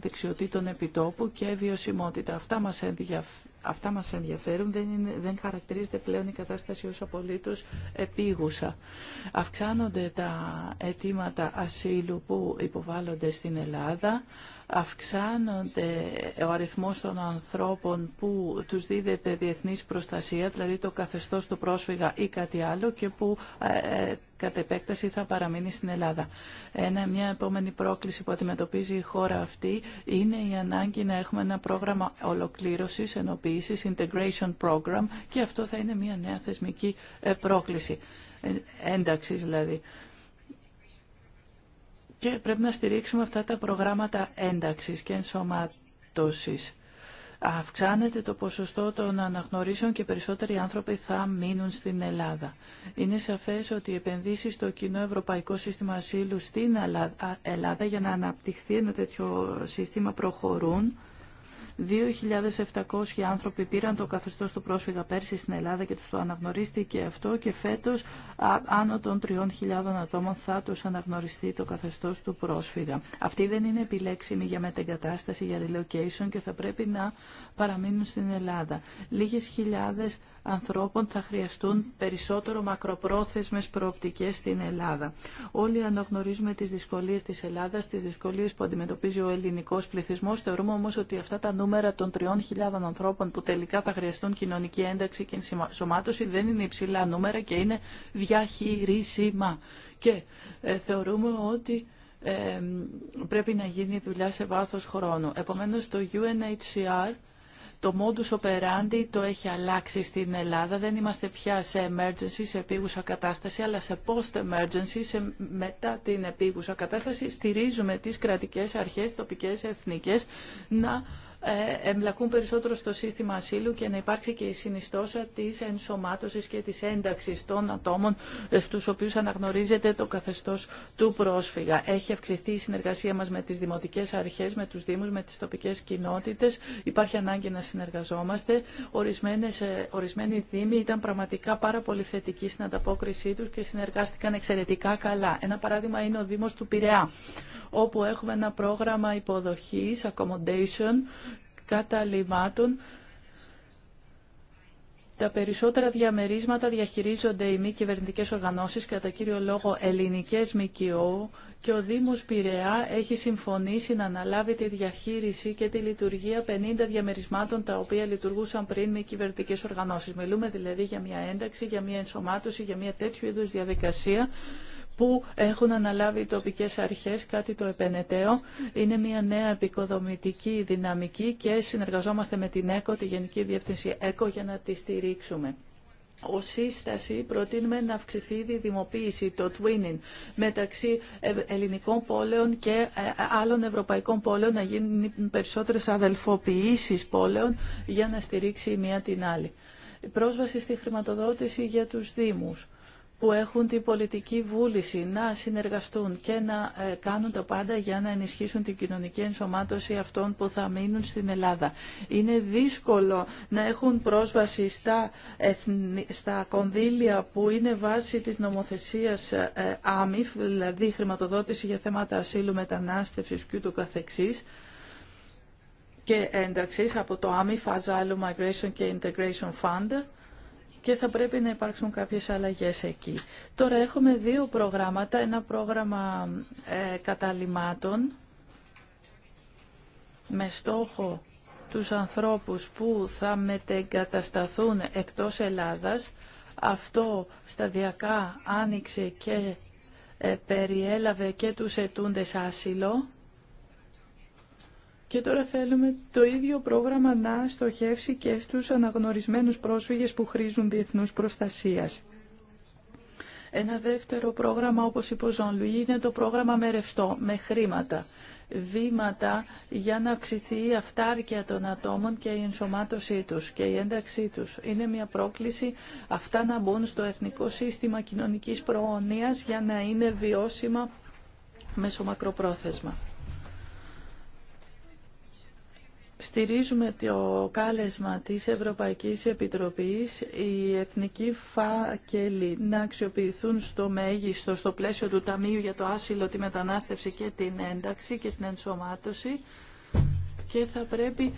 δεξιοτήτων επιτόπου και βιωσιμότητα. Αυτά μας ενδιαφέρουν αυτά μας ενδιαφέρουν, δεν, είναι, δεν χαρακτηρίζεται πλέον η κατάσταση ως απολύτως επίγουσα. Αυξάνονται τα αιτήματα ασύλου που υποβάλλονται στην Ελλάδα, αυξάνονται ο αριθμός των ανθρώπων που τους δίδεται διεθνής προστασία, δηλαδή το καθεστώς του πρόσφυγα ή κάτι άλλο και που ε, ε, κατ' επέκταση θα παραμείνει στην Ελλάδα. Ένα, μια επόμενη πρόκληση που αντιμετωπίζει η χώρα αυτή είναι η ανάγκη να έχουμε ένα πρόγραμμα ολοκλήρωσης, ενοποίησης, integration program και αυτό θα είναι μια νέα θεσμική ε, πρόκληση, ε, ένταξης δηλαδή και πρέπει να στηρίξουμε αυτά τα προγράμματα ένταξης και ενσωμάτωσης. Αυξάνεται το ποσοστό των αναγνωρίσεων και περισσότεροι άνθρωποι θα μείνουν στην Ελλάδα. Είναι σαφές ότι οι επενδύσεις στο κοινό ευρωπαϊκό σύστημα ασύλου στην Ελλάδα για να αναπτυχθεί ένα τέτοιο σύστημα προχωρούν. 2.700 άνθρωποι πήραν το καθεστώς του πρόσφυγα πέρσι στην Ελλάδα και τους το αναγνωρίστηκε αυτό και φέτος άνω των 3.000 ατόμων θα τους αναγνωριστεί το καθεστώς του πρόσφυγα. Αυτή δεν είναι επιλέξιμη για μετεγκατάσταση, για relocation και θα πρέπει να παραμείνουν στην Ελλάδα. Λίγες χιλιάδες ανθρώπων θα χρειαστούν περισσότερο μακροπρόθεσμες προοπτικές στην Ελλάδα. Όλοι αναγνωρίζουμε τις δυσκολίες της Ελλάδας, τις δυσκολίες που αντιμετωπίζει ο ελληνικός πληθυσμός. Θεωρούμε όμως ότι αυτά τα νούμερα νούμερα των 3.000 ανθρώπων που τελικά θα χρειαστούν κοινωνική ένταξη και ενσωμάτωση δεν είναι υψηλά νούμερα και είναι διαχειρίσιμα. Και ε, θεωρούμε ότι ε, πρέπει να γίνει δουλειά σε βάθος χρόνου. Επομένως το UNHCR το modus operandi το έχει αλλάξει στην Ελλάδα. Δεν είμαστε πια σε emergency, σε επίγουσα κατάσταση, αλλά σε post-emergency, σε μετά την επίγουσα κατάσταση. Στηρίζουμε τις κρατικές αρχές, τοπικές, εθνικές, να ε, εμπλακούν περισσότερο στο σύστημα ασύλου και να υπάρξει και η συνιστόσα της ενσωμάτωσης και της ένταξης των ατόμων ε, στους οποίους αναγνωρίζεται το καθεστώς του πρόσφυγα. Έχει αυξηθεί η συνεργασία μας με τις δημοτικές αρχές, με τους δήμους, με τις τοπικές κοινότητες. Υπάρχει ανάγκη να συνεργαζόμαστε. Ορισμένες, ε, ορισμένοι δήμοι ήταν πραγματικά πάρα πολύ θετικοί στην ανταπόκρισή τους και συνεργάστηκαν εξαιρετικά καλά. Ένα παράδειγμα είναι ο Δήμος του Πειραιά, όπου έχουμε ένα πρόγραμμα υποδοχής, accommodation, καταλήμματων τα περισσότερα διαμερίσματα διαχειρίζονται οι μη κυβερνητικέ οργανώσει κατά κύριο λόγο ελληνικέ ΜΚΟ και ο Δήμο Πειραιά έχει συμφωνήσει να αναλάβει τη διαχείριση και τη λειτουργία 50 διαμερισμάτων τα οποία λειτουργούσαν πριν μη κυβερνητικέ οργανώσει. Μιλούμε δηλαδή για μια ένταξη, για μια ενσωμάτωση, για μια τέτοιου είδου διαδικασία που έχουν αναλάβει οι τοπικές αρχές, κάτι το επενεταίο. Είναι μια νέα επικοδομητική δυναμική και συνεργαζόμαστε με την ΕΚΟ, τη Γενική Διεύθυνση ΕΚΟ, για να τη στηρίξουμε. Ω σύσταση προτείνουμε να αυξηθεί η δημοποίηση, το twinning, μεταξύ ε, ελληνικών πόλεων και ε, άλλων ευρωπαϊκών πόλεων, να γίνουν περισσότερες αδελφοποιήσεις πόλεων για να στηρίξει η μία την άλλη. πρόσβαση στη χρηματοδότηση για τους Δήμους που έχουν την πολιτική βούληση να συνεργαστούν και να ε, κάνουν το πάντα για να ενισχύσουν την κοινωνική ενσωμάτωση αυτών που θα μείνουν στην Ελλάδα. Είναι δύσκολο να έχουν πρόσβαση στα, στα κονδύλια που είναι βάση της νομοθεσίας ΑΜΙΦ, ε, ε, δηλαδή χρηματοδότηση για θέματα ασύλου, μετανάστευσης και του καθεξής και ένταξης από το AMIF, Asylum Migration και Integration Fund και θα πρέπει να υπάρξουν κάποιες αλλαγές εκεί. Τώρα έχουμε δύο προγράμματα, ένα πρόγραμμα ε, καταλημάτων με στόχο τους ανθρώπους που θα μετεγκατασταθούν εκτός Ελλάδας. Αυτό σταδιακά άνοιξε και ε, περιέλαβε και τους ετούντες άσυλο και τώρα θέλουμε το ίδιο πρόγραμμα να στοχεύσει και στους αναγνωρισμένους πρόσφυγες που χρήζουν διεθνούς προστασίας. Ένα δεύτερο πρόγραμμα, όπως είπε ο είναι το πρόγραμμα με ρευστό, με χρήματα. Βήματα για να αυξηθεί η αυτάρκεια των ατόμων και η ενσωμάτωσή τους και η ένταξή τους. Είναι μια πρόκληση αυτά να μπουν στο Εθνικό Σύστημα Κοινωνικής Προωνίας για να είναι βιώσιμα μέσω μακροπρόθεσμα. Στηρίζουμε το κάλεσμα της Ευρωπαϊκής Επιτροπής οι εθνικοί φάκελοι να αξιοποιηθούν στο μέγιστο, στο πλαίσιο του Ταμείου για το άσυλο, τη μετανάστευση και την ένταξη και την ενσωμάτωση και θα πρέπει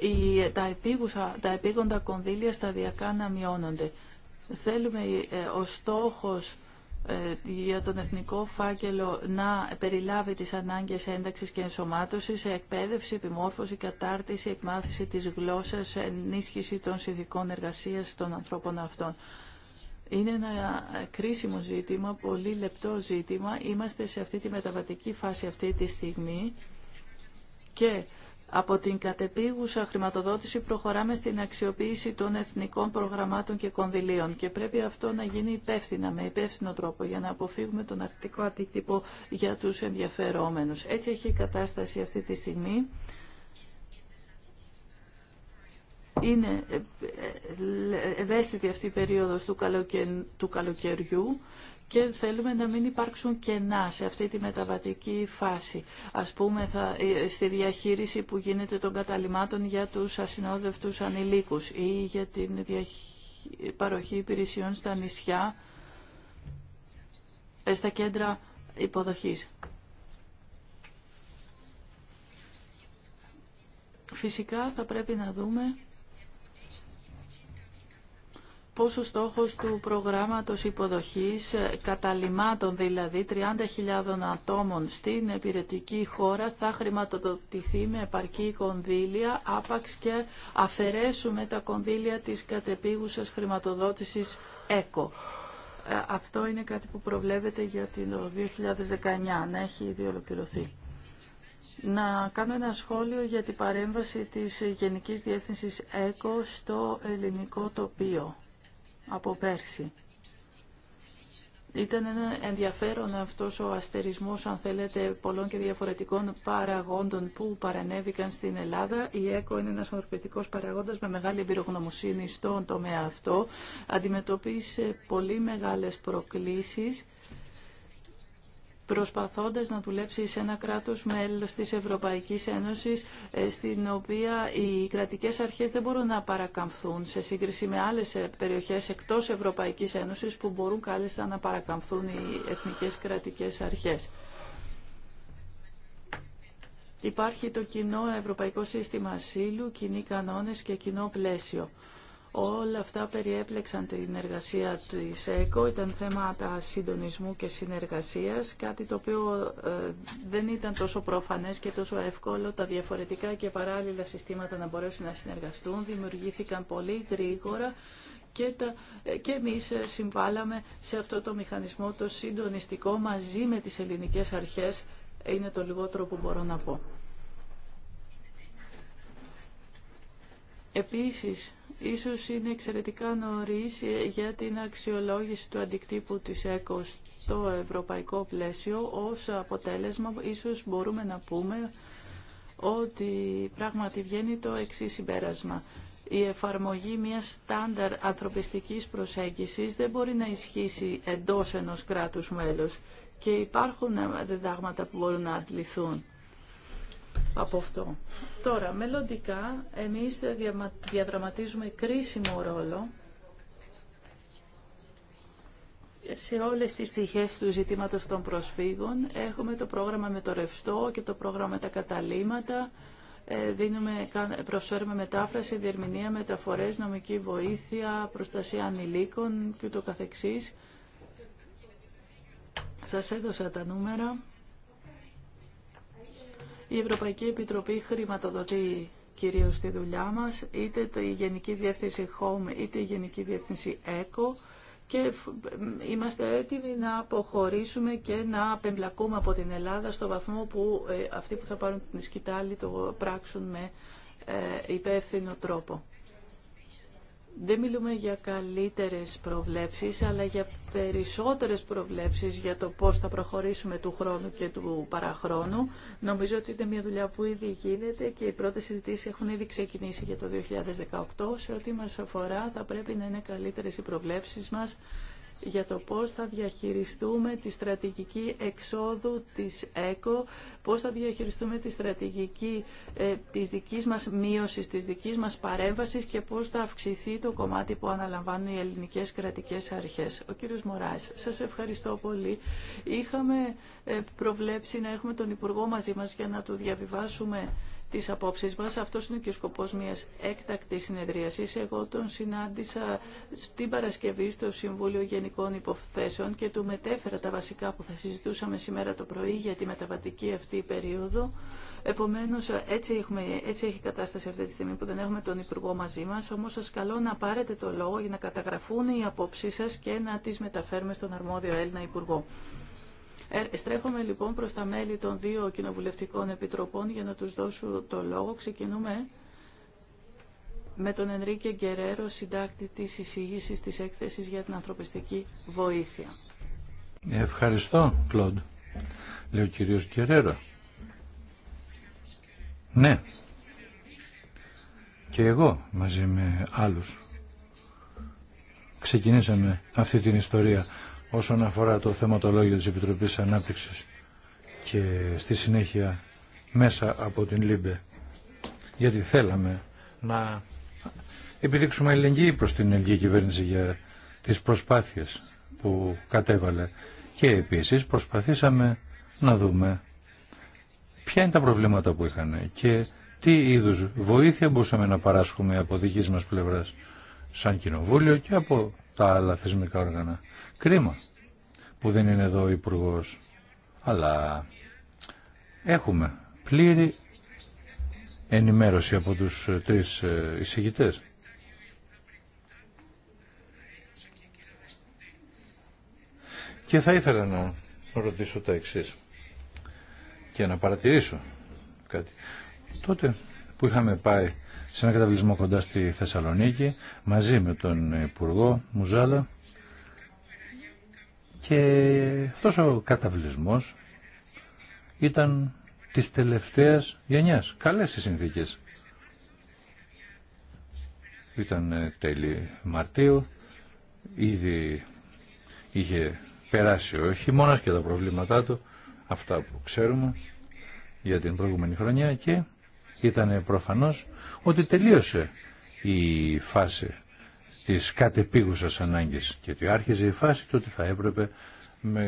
η, τα, επίγουσα, τα επίγοντα κονδύλια σταδιακά να μειώνονται. Θέλουμε ε, ο στόχος ε, για τον εθνικό φάκελο να περιλάβει τις ανάγκες ένταξης και ενσωμάτωσης, εκπαίδευση, επιμόρφωση, κατάρτιση, εκμάθηση της γλώσσας, ενίσχυση των συνδικών εργασίας των ανθρώπων αυτών. Είναι ένα κρίσιμο ζήτημα, πολύ λεπτό ζήτημα. Είμαστε σε αυτή τη μεταβατική φάση αυτή τη στιγμή και από την κατεπίγουσα χρηματοδότηση προχωράμε στην αξιοποίηση των εθνικών προγραμμάτων και κονδυλίων και πρέπει αυτό να γίνει υπεύθυνα, με υπεύθυνο τρόπο, για να αποφύγουμε τον αρκτικό αντίκτυπο για τους ενδιαφερόμενους. Έτσι έχει η κατάσταση αυτή τη στιγμή. Είναι ευαίσθητη αυτή η περίοδος του καλοκαιριού και θέλουμε να μην υπάρξουν κενά σε αυτή τη μεταβατική φάση. Ας πούμε θα, ε, στη διαχείριση που γίνεται των καταλημάτων για τους ασυνόδευτους ανηλίκους ή για την παροχή υπηρεσιών στα νησιά, ε, στα κέντρα υποδοχής. Φυσικά θα πρέπει να δούμε πως ο στόχος του προγράμματος υποδοχής ε, καταλημάτων δηλαδή 30.000 ατόμων στην επιρετική χώρα θα χρηματοδοτηθεί με επαρκή κονδύλια άπαξ και αφαιρέσουμε τα κονδύλια της κατεπίγουσας χρηματοδότησης ΕΚΟ. Ε, αυτό είναι κάτι που προβλέπεται για το ε, 2019, να έχει ήδη ολοκληρωθεί. Να κάνω ένα σχόλιο για την παρέμβαση της Γενικής Διεύθυνσης ΕΚΟ στο ελληνικό τοπίο από πέρσι. Ήταν ένα ενδιαφέρον αυτός ο αστερισμός, αν θέλετε, πολλών και διαφορετικών παραγόντων που παρανέβηκαν στην Ελλάδα. Η ΕΚΟ είναι ένας ανθρωπιστικός παραγόντας με μεγάλη εμπειρογνωμοσύνη στον τομέα αυτό. Αντιμετωπίσε πολύ μεγάλες προκλήσεις προσπαθώντας να δουλέψει σε ένα κράτος μέλος της Ευρωπαϊκής Ένωσης ε, στην οποία οι κρατικές αρχές δεν μπορούν να παρακαμφθούν σε σύγκριση με άλλες ε, περιοχές εκτός Ευρωπαϊκής Ένωσης που μπορούν κάλεστα να παρακαμφθούν οι εθνικές κρατικές αρχές. Υπάρχει το κοινό Ευρωπαϊκό Σύστημα Ασύλου, κοινοί κανόνες και κοινό πλαίσιο. Όλα αυτά περιέπλεξαν την εργασία της ΕΚΟ, ήταν θέματα συντονισμού και συνεργασίας, κάτι το οποίο ε, δεν ήταν τόσο προφανές και τόσο εύκολο τα διαφορετικά και παράλληλα συστήματα να μπορέσουν να συνεργαστούν, δημιουργήθηκαν πολύ γρήγορα και, τα, ε, και εμείς ε, συμβάλαμε σε αυτό το μηχανισμό το συντονιστικό μαζί με τις ελληνικές αρχές, είναι το λιγότερο που μπορώ να πω. Επίσης, ίσως είναι εξαιρετικά νωρίς για την αξιολόγηση του αντικτύπου της ΕΚΟ στο ευρωπαϊκό πλαίσιο. Ως αποτέλεσμα, ίσως μπορούμε να πούμε ότι πράγματι βγαίνει το εξής συμπέρασμα. Η εφαρμογή μιας στάνταρ ανθρωπιστικής προσέγγισης δεν μπορεί να ισχύσει εντός ενός κράτους μέλος και υπάρχουν διδάγματα που μπορούν να αντληθούν από αυτό. Τώρα, μελλοντικά, εμείς διαδραματίζουμε κρίσιμο ρόλο σε όλες τις πτυχές του ζητήματος των προσφύγων. Έχουμε το πρόγραμμα με το ρευστό και το πρόγραμμα με τα καταλήματα. Ε, δίνουμε, προσφέρουμε μετάφραση, διερμηνία, μεταφορές, νομική βοήθεια, προστασία ανηλίκων και το καθεξής. Σας έδωσα τα νούμερα. Η Ευρωπαϊκή Επιτροπή χρηματοδοτεί κυρίως τη δουλειά μας, είτε η Γενική Διεύθυνση Home, είτε η Γενική Διεύθυνση ECO και είμαστε έτοιμοι να αποχωρήσουμε και να απεμπλακούμε από την Ελλάδα στο βαθμό που ε, αυτοί που θα πάρουν την σκητάλη το πράξουν με ε, υπεύθυνο τρόπο δεν μιλούμε για καλύτερες προβλέψεις, αλλά για περισσότερες προβλέψεις για το πώς θα προχωρήσουμε του χρόνου και του παραχρόνου. Νομίζω ότι είναι μια δουλειά που ήδη γίνεται και οι πρώτες συζητήσεις έχουν ήδη ξεκινήσει για το 2018. Σε ό,τι μας αφορά θα πρέπει να είναι καλύτερες οι προβλέψεις μας για το πώς θα διαχειριστούμε τη στρατηγική εξόδου της ΕΚΟ, πώς θα διαχειριστούμε τη στρατηγική ε, της δικής μας μείωσης, της δικής μας παρέμβασης και πώς θα αυξηθεί το κομμάτι που αναλαμβάνουν οι ελληνικές κρατικές αρχές. Ο κύριος Μωράης, σας ευχαριστώ πολύ. Είχαμε ε, προβλέψει να έχουμε τον Υπουργό μαζί μας για να του διαβιβάσουμε τις απόψεις μας. Αυτός είναι και ο σκοπός μιας έκτακτης συνεδρίασης. Εγώ τον συνάντησα στην Παρασκευή στο Συμβούλιο Γενικών Υποθέσεων και του μετέφερα τα βασικά που θα συζητούσαμε σήμερα το πρωί για τη μεταβατική αυτή περίοδο. Επομένω, έτσι, έτσι έχει κατάσταση αυτή τη στιγμή που δεν έχουμε τον Υπουργό μαζί μα. Όμω, σα καλώ να πάρετε το λόγο για να καταγραφούν οι απόψει σα και να τι μεταφέρουμε στον αρμόδιο Έλληνα Υπουργό. Ε, στρέφομαι λοιπόν προς τα μέλη των δύο κοινοβουλευτικών επιτροπών για να τους δώσω το λόγο. Ξεκινούμε με τον Ενρίκε Γκερέρο, συντάκτη της εισηγήσης της έκθεσης για την ανθρωπιστική βοήθεια. Ευχαριστώ, Κλοντ. Λέω ο κύριος Γκερέρο. Ναι. Και εγώ μαζί με άλλους ξεκινήσαμε αυτή την ιστορία όσον αφορά το θεματολόγιο της Επιτροπής Ανάπτυξης και στη συνέχεια μέσα από την ΛΥΜΠΕ. Γιατί θέλαμε να επιδείξουμε ελληνική προς την ελληνική κυβέρνηση για τις προσπάθειες που κατέβαλε και επίσης προσπαθήσαμε να δούμε ποια είναι τα προβλήματα που είχαν και τι είδους βοήθεια μπορούσαμε να παράσχουμε από δική μας πλευράς σαν κοινοβούλιο και από τα άλλα θεσμικά όργανα. Κρίμα που δεν είναι εδώ ο υπουργό. Αλλά έχουμε πλήρη ενημέρωση από τους τρεις ε, εισηγητές. Και θα ήθελα να ρωτήσω τα εξή και να παρατηρήσω κάτι. Τότε που είχαμε πάει σε ένα καταβλισμό κοντά στη Θεσσαλονίκη μαζί με τον Υπουργό Μουζάλα και αυτός ο καταβλισμός ήταν της τελευταίας γενιάς. Καλές οι συνθήκες. Ήταν ε, τέλη Μαρτίου, ήδη είχε περάσει ο χειμώνας και τα προβλήματά του, αυτά που ξέρουμε για την προηγούμενη χρονιά και ήταν προφανώς ότι τελείωσε η φάση της κατεπίγουσας ανάγκης και ότι άρχιζε η φάση του ότι θα έπρεπε με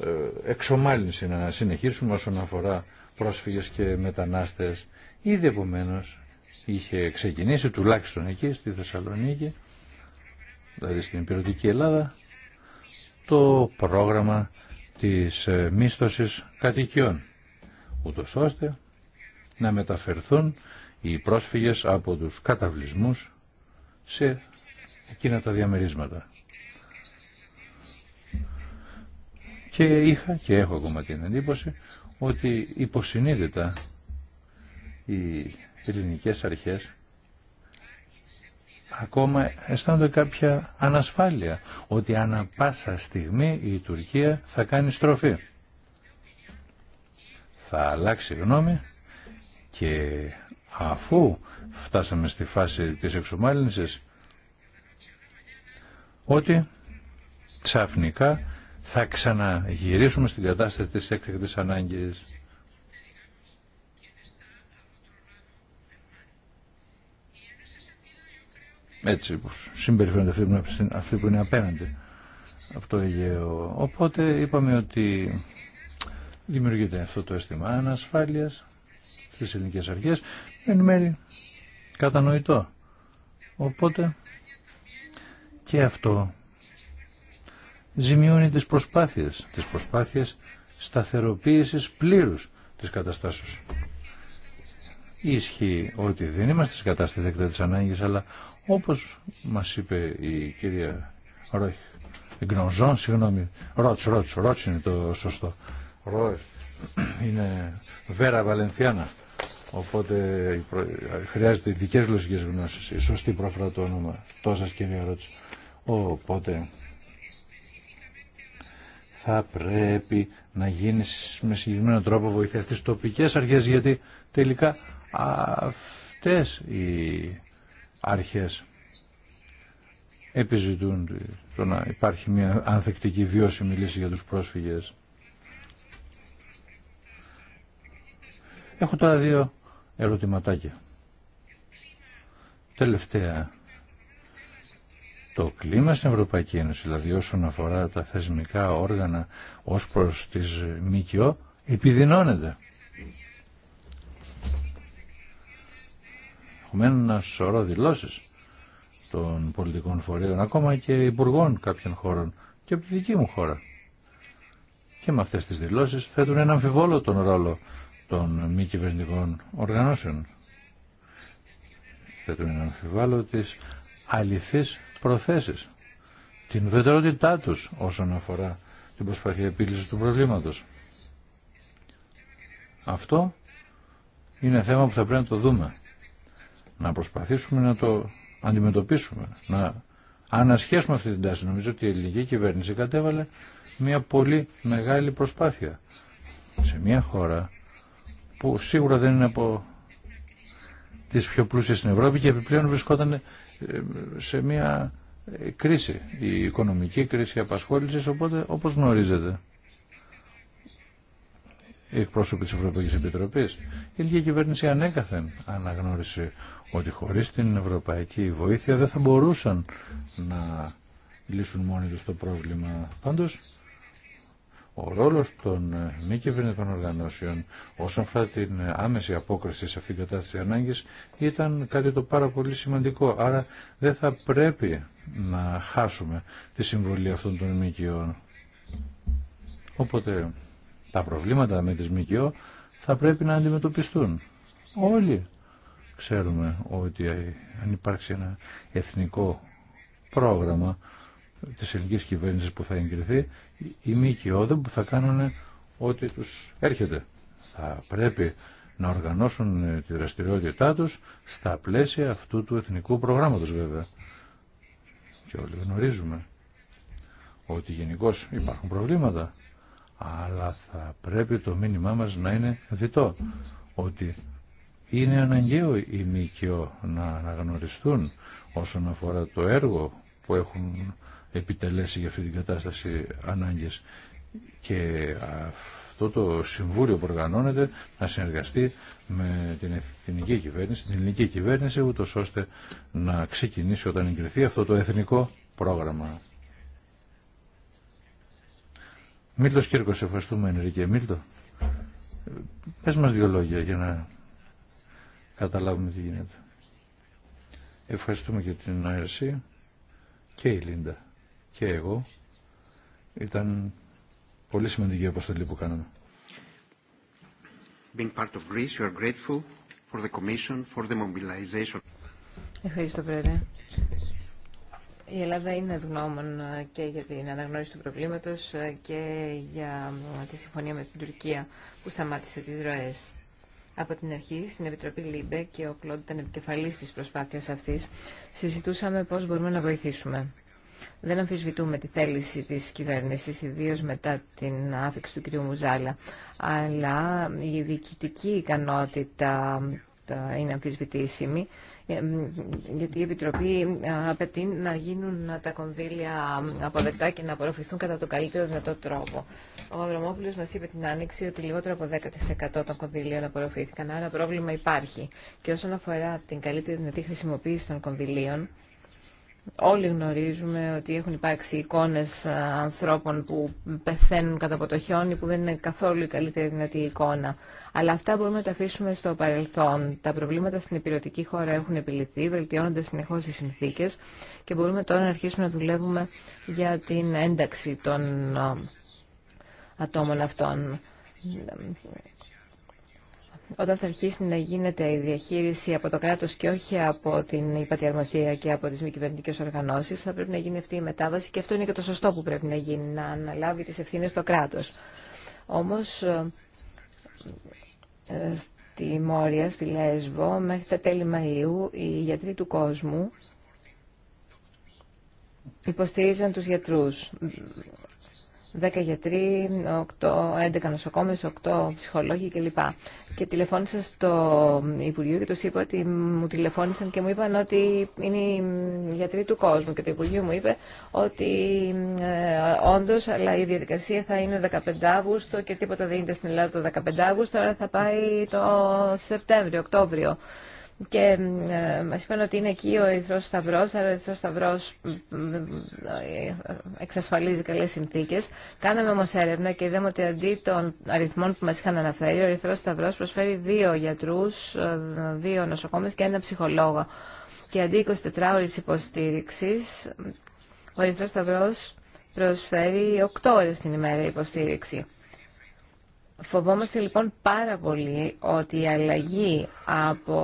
ε, εξομάλυνση να συνεχίσουμε όσον αφορά πρόσφυγες και μετανάστες. Ήδη επομένω είχε ξεκινήσει τουλάχιστον εκεί στη Θεσσαλονίκη, δηλαδή στην υπηρετική Ελλάδα, το πρόγραμμα της ε, μίσθωσης κατοικιών, ούτως ώστε να μεταφερθούν οι πρόσφυγες από τους καταβλισμούς σε εκείνα τα διαμερίσματα. Και είχα και έχω ακόμα την εντύπωση ότι υποσυνείδητα οι ελληνικές αρχές ακόμα αισθάνονται κάποια ανασφάλεια ότι ανά πάσα στιγμή η Τουρκία θα κάνει στροφή. Θα αλλάξει γνώμη και αφού φτάσαμε στη φάση της εξομάλυνσης, ότι ξαφνικά θα ξαναγυρίσουμε στην κατάσταση της έκτακτης ανάγκης. Έτσι που συμπεριφέρονται αυτοί, αυτοί που είναι απέναντι από το Αιγαίο. Οπότε είπαμε ότι δημιουργείται αυτό το αίσθημα ανασφάλειας στις ελληνικές αρχές εν μέρη κατανοητό. Οπότε και αυτό ζημιώνει τις προσπάθειες, τις προσπάθειες σταθεροποίησης πλήρους της καταστάσεως. Ισχύει ότι δεν είμαστε σε κατάσταση δεκτά της ανάγκης, αλλά όπως μας είπε η κυρία Ρόχ, Γνωζόν, συγγνώμη, Ρότς, Ρότς, Ρότς είναι το σωστό. είναι Βέρα Βαλενθιάνα. Οπότε χρειάζεται ειδικέ γλωσσικέ γνώσει. Η σωστή προφράτονομα, το όνομα. Τόσα κύριε ερώτηση. Οπότε θα πρέπει να γίνει με συγκεκριμένο τρόπο βοήθεια στι τοπικέ αρχέ, γιατί τελικά αυτέ οι αρχέ επιζητούν το να υπάρχει μια ανθεκτική βιώσιμη λύση για τους πρόσφυγες. Έχω τώρα δύο ερωτηματάκια. Τελευταία. Το κλίμα στην Ευρωπαϊκή Ένωση, δηλαδή όσον αφορά τα θεσμικά όργανα ως προς τις ΜΚΟ, επιδεινώνεται. Έχουμε ένα σωρό δηλώσεις των πολιτικών φορέων, ακόμα και υπουργών κάποιων χώρων και από τη δική μου χώρα. Και με αυτές τις δηλώσεις θέτουν ένα αμφιβόλο τον ρόλο των μη κυβερνητικών οργανώσεων. Θα να αμφιβάλλω τις αληθείς προθέσεις, την ουδετερότητά τους όσον αφορά την προσπάθεια επίλυσης του προβλήματος. Αυτό είναι θέμα που θα πρέπει να το δούμε. Να προσπαθήσουμε να το αντιμετωπίσουμε, να ανασχέσουμε αυτή την τάση. Νομίζω ότι η ελληνική κυβέρνηση κατέβαλε μια πολύ μεγάλη προσπάθεια σε μια χώρα που σίγουρα δεν είναι από τις πιο πλούσιες στην Ευρώπη και επιπλέον βρισκόταν ε, σε μια ε, κρίση, η οικονομική κρίση απασχόλησης, οπότε όπως γνωρίζετε οι εκπρόσωποι της Ευρωπαϊκής Επιτροπής η ίδια κυβέρνηση ανέκαθεν αναγνώρισε ότι χωρίς την ευρωπαϊκή βοήθεια δεν θα μπορούσαν να λύσουν μόνοι τους το πρόβλημα. Πάντως ο ρόλος των ε, μη κυβερνητικών οργανώσεων όσον αφορά την ε, άμεση απόκριση σε αυτήν την κατάσταση ανάγκης ήταν κάτι το πάρα πολύ σημαντικό. Άρα δεν θα πρέπει να χάσουμε τη συμβολή αυτών των ΜΚΟ. Οπότε τα προβλήματα με τις ΜΚΟ θα πρέπει να αντιμετωπιστούν. Όλοι ξέρουμε ότι αν υπάρξει ένα εθνικό πρόγραμμα Τη ελληνική κυβέρνηση που θα εγκριθεί οι ΜΚΟ που θα κάνουν ό,τι τους έρχεται. Θα πρέπει να οργανώσουν ε, τη δραστηριότητά τους στα πλαίσια αυτού του εθνικού προγράμματο, βέβαια. Και όλοι γνωρίζουμε ότι γενικώ υπάρχουν προβλήματα αλλά θα πρέπει το μήνυμά μας να είναι διτό ότι είναι αναγκαίο οι ΜΚΟ να αναγνωριστούν όσον αφορά το έργο που έχουν επιτελέσει για αυτή την κατάσταση ανάγκες και αυτό το συμβούλιο που οργανώνεται να συνεργαστεί με την εθνική κυβέρνηση, την ελληνική κυβέρνηση ούτω ώστε να ξεκινήσει όταν εγκριθεί αυτό το εθνικό πρόγραμμα. Μίλτος Κύρκος, ευχαριστούμε Ενρικέ Μίλτο. Πες μας δύο λόγια για να καταλάβουμε τι γίνεται. Ευχαριστούμε και την ΑΕΡΣΥ και η Λίντα και εγώ. Ήταν πολύ σημαντική η αποστολή που κάναμε. Being part of Greece, you are grateful for the Commission, for the mobilization. Ευχαριστώ, Πρόεδρε. Η Ελλάδα είναι ευγνώμων ε, και για την αναγνώριση του προβλήματος ε, και για ε, τη συμφωνία με την Τουρκία που σταμάτησε τις ροές. Από την αρχή, στην Επιτροπή ΛΥΜΠΕ και ο Κλόντ ήταν επικεφαλής της προσπάθειας αυτής, συζητούσαμε πώς μπορούμε να βοηθήσουμε. Δεν αμφισβητούμε τη θέληση της κυβέρνησης, ιδίως μετά την άφηξη του κ. Μουζάλα. Αλλά η διοικητική ικανότητα είναι αμφισβητήσιμη, γιατί η Επιτροπή απαιτεί να γίνουν τα κονδύλια αποδεκτά και να απορροφηθούν κατά τον καλύτερο δυνατό τρόπο. Ο Αβραμόπουλος μας είπε την Άνοιξη ότι λιγότερο από 10% των κονδυλίων απορροφήθηκαν, άρα πρόβλημα υπάρχει. Και όσον αφορά την καλύτερη δυνατή χρησιμοποίηση των κονδυλίων, Όλοι γνωρίζουμε ότι έχουν υπάρξει εικόνες ε, ανθρώπων που πεθαίνουν κατά από το που δεν είναι καθόλου η καλύτερη δυνατή εικόνα. Αλλά αυτά μπορούμε να τα αφήσουμε στο παρελθόν. Τα προβλήματα στην υπηρετική χώρα έχουν επιληθεί, βελτιώνονται συνεχώς οι συνθήκες και μπορούμε τώρα να αρχίσουμε να δουλεύουμε για την ένταξη των ε, ατόμων αυτών όταν θα αρχίσει να γίνεται η διαχείριση από το κράτος και όχι από την υπατιαρμοσία και από τις μη κυβερνητικέ οργανώσεις, θα πρέπει να γίνει αυτή η μετάβαση και αυτό είναι και το σωστό που πρέπει να γίνει, να αναλάβει τις ευθύνες το κράτος. Όμως, ε, ε, στη Μόρια, στη Λέσβο, μέχρι τα τέλη Μαΐου, οι γιατροί του κόσμου υποστηρίζαν τους γιατρούς. 10 γιατροί, 8, 11 νοσοκόμες, 8 ψυχολόγοι κλπ. Και τηλεφώνησα στο Υπουργείο και του είπα ότι μου τηλεφώνησαν και μου είπαν ότι είναι οι γιατροί του κόσμου και το Υπουργείο μου είπε ότι ε, όντως αλλά η διαδικασία θα είναι 15 Αύγουστο και τίποτα δεν είναι στην Ελλάδα το 15 Αύγουστο, αλλά θα πάει το Σεπτέμβριο, Οκτώβριο και ε, μας είπαν ότι είναι εκεί ο Ερυθρός Σταυρός, άρα ο Ερυθρός Σταυρός ε, εξασφαλίζει καλές συνθήκες. Κάναμε όμως έρευνα και είδαμε ότι αντί των αριθμών που μας είχαν αναφέρει, ο Ερυθρός Σταυρός προσφέρει δύο γιατρούς, ε, δύο νοσοκόμες και ένα ψυχολόγο. Και αντί 24 ώρες υποστήριξης, ο Ερυθρός Σταυρός προσφέρει 8 ώρες την ημέρα υποστήριξη. Φοβόμαστε λοιπόν πάρα πολύ ότι η αλλαγή από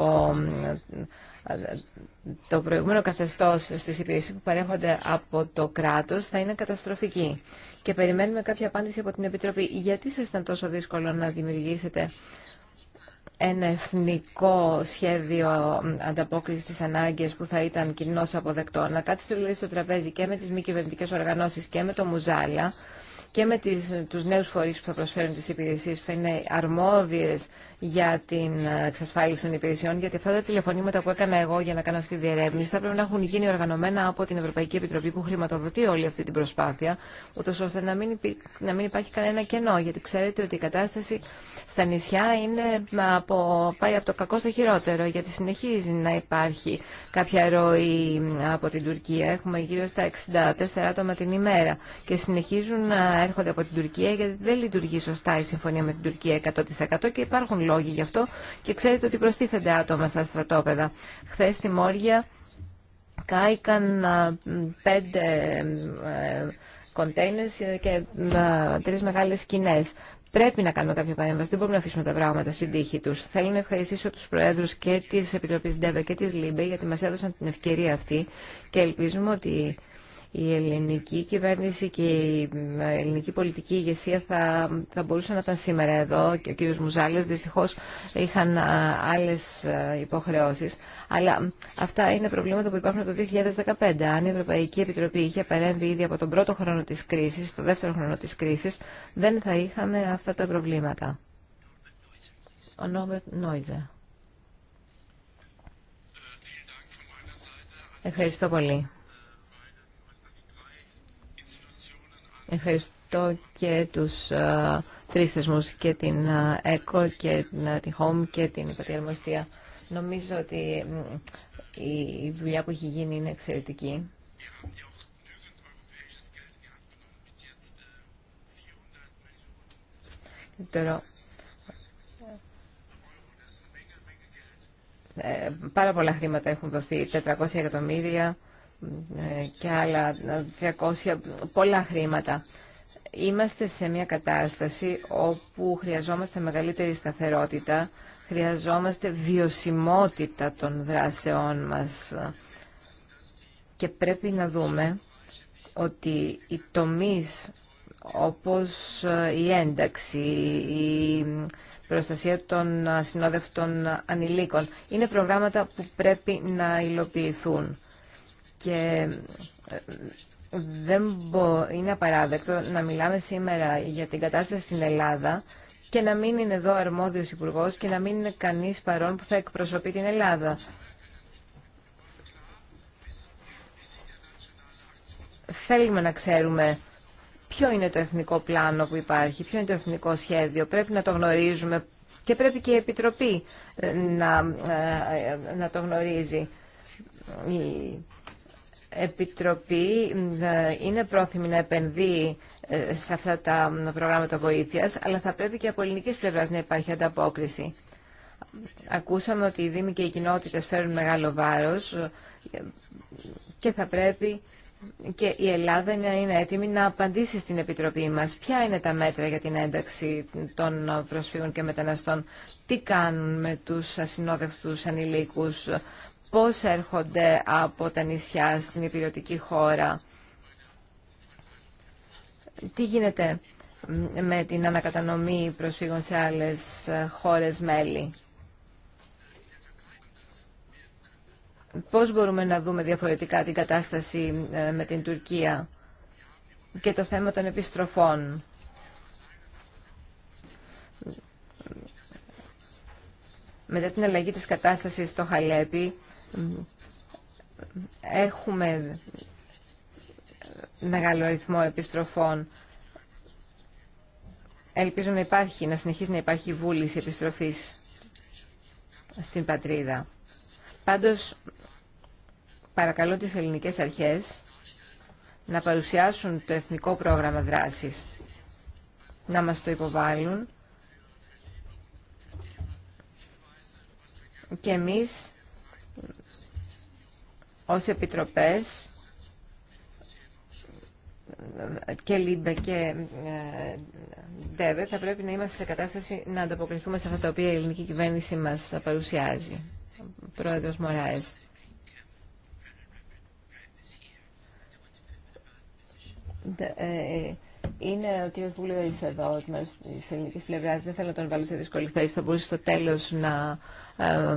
το προηγούμενο καθεστώς στις υπηρεσίες που παρέχονται από το κράτος θα είναι καταστροφική. Και περιμένουμε κάποια απάντηση από την Επιτροπή. Γιατί σας ήταν τόσο δύσκολο να δημιουργήσετε ένα εθνικό σχέδιο ανταπόκρισης της ανάγκες που θα ήταν κοινό αποδεκτό. Να κάτσετε δηλαδή στο τραπέζι και με τις μη κυβερνητικέ οργανώσεις και με το Μουζάλα και με τις, τους νέους φορείς που θα προσφέρουν τις υπηρεσίες που θα είναι αρμόδιες για την εξασφάλιση των υπηρεσιών, γιατί αυτά τα τηλεφωνήματα που έκανα εγώ για να κάνω αυτή τη διερεύνηση θα πρέπει να έχουν γίνει οργανωμένα από την Ευρωπαϊκή Επιτροπή που χρηματοδοτεί όλη αυτή την προσπάθεια, ούτω ώστε να μην, να μην υπάρχει κανένα κενό, γιατί ξέρετε ότι η κατάσταση στα νησιά είναι από, πάει από το κακό στο χειρότερο, γιατί συνεχίζει να υπάρχει κάποια ροή από την Τουρκία. Έχουμε γύρω στα 64 άτομα την ημέρα και συνεχίζουν έρχονται από την Τουρκία γιατί δεν λειτουργεί σωστά η συμφωνία με την Τουρκία 100% και υπάρχουν λόγοι γι' αυτό και ξέρετε ότι προστίθενται άτομα στα στρατόπεδα. Χθε στη Μόρια κάηκαν πέντε ε, κοντέινερς και τρει μεγάλες σκηνέ. Πρέπει να κάνουμε κάποια παρέμβαση. Δεν μπορούμε να αφήσουμε τα πράγματα στην τύχη του. Θέλω να ευχαριστήσω του Προέδρου και τη Επιτροπή ΝΤΕΒΕ και τη ΛΥΜΠΕ γιατί μα έδωσαν την ευκαιρία αυτή και ελπίζουμε ότι η ελληνική κυβέρνηση και η ε, ελληνική πολιτική ηγεσία θα, θα μπορούσαν να ήταν σήμερα εδώ και ο κύριος Μουζάλης δυστυχώς είχαν ε, άλλες ε, υποχρεώσεις. Αλλά αυτά είναι προβλήματα που υπάρχουν από το 2015. Αν η Ευρωπαϊκή Επιτροπή είχε παρέμβει ήδη από τον πρώτο χρόνο της κρίσης, το δεύτερο χρόνο της κρίσης, δεν θα είχαμε αυτά τα προβλήματα. Ευχαριστώ πολύ. Ευχαριστώ και τους uh, τρεις θεσμούς και την ε, ΕΚΟ και ε, την τη HOME και την υπατιαρμοστία. Νομίζω ότι η δουλειά που έχει γίνει είναι εξαιρετική. Τώρα, πάρα πολλά χρήματα έχουν δοθεί, 400 εκατομμύρια. Ε, και άλλα 300, πολλά χρήματα. Είμαστε σε μια κατάσταση όπου χρειαζόμαστε μεγαλύτερη σταθερότητα, χρειαζόμαστε βιωσιμότητα των δράσεών μας και πρέπει να δούμε ότι οι τομείς όπως η ένταξη, η προστασία των συνόδευτων ανηλίκων είναι προγράμματα που πρέπει να υλοποιηθούν. Και ε, δεν μπο... είναι απαράδεκτο να μιλάμε σήμερα για την κατάσταση στην Ελλάδα και να μην είναι εδώ αρμόδιος υπουργό και να μην είναι κανείς παρόν που θα εκπροσωπεί την Ελλάδα. Θέλουμε να ξέρουμε ποιο είναι το εθνικό πλάνο που υπάρχει, ποιο είναι το εθνικό σχέδιο. Πρέπει να το γνωρίζουμε και πρέπει και η Επιτροπή ε, να, ε, να το γνωρίζει. Επιτροπή ε, είναι πρόθυμη να επενδύει ε, σε αυτά τα προγράμματα βοήθειας, αλλά θα πρέπει και από ελληνική πλευρά να υπάρχει ανταπόκριση. Ακούσαμε ότι οι Δήμοι και οι κοινότητε φέρουν μεγάλο βάρος ε, και θα πρέπει και η Ελλάδα να είναι έτοιμη να απαντήσει στην Επιτροπή μας. Ποια είναι τα μέτρα για την ένταξη των προσφύγων και μεταναστών, τι κάνουν με τους ασυνόδευτους ανηλίκους, πώς έρχονται από τα νησιά στην υπηρετική χώρα. Τι γίνεται με την ανακατανομή προσφύγων σε άλλες χώρες μέλη. Πώς μπορούμε να δούμε διαφορετικά την κατάσταση ε, με την Τουρκία και το θέμα των επιστροφών. Μετά την αλλαγή της κατάσταση στο Χαλέπι, Έχουμε μεγάλο αριθμό επιστροφών. Ελπίζω να υπάρχει, να συνεχίσει να υπάρχει βούληση επιστροφής στην πατρίδα. Πάντως, παρακαλώ τις ελληνικές αρχές να παρουσιάσουν το εθνικό πρόγραμμα δράσης, να μας το υποβάλουν και εμείς ως επιτροπές και ΛΥΜΠΕ και ε, ΔΕΒΕ θα πρέπει να είμαστε σε κατάσταση να ανταποκριθούμε σε αυτά τα οποία η ελληνική κυβέρνηση μας παρουσιάζει. Πρόεδρος Μωράες. Ε, ε, είναι ο κύριο Βούλιο εδώ, εκ μέρου τη ελληνική πλευρά. Δεν θέλω να τον βάλω σε δύσκολη θέση. Θα μπορούσε στο τέλο να ε,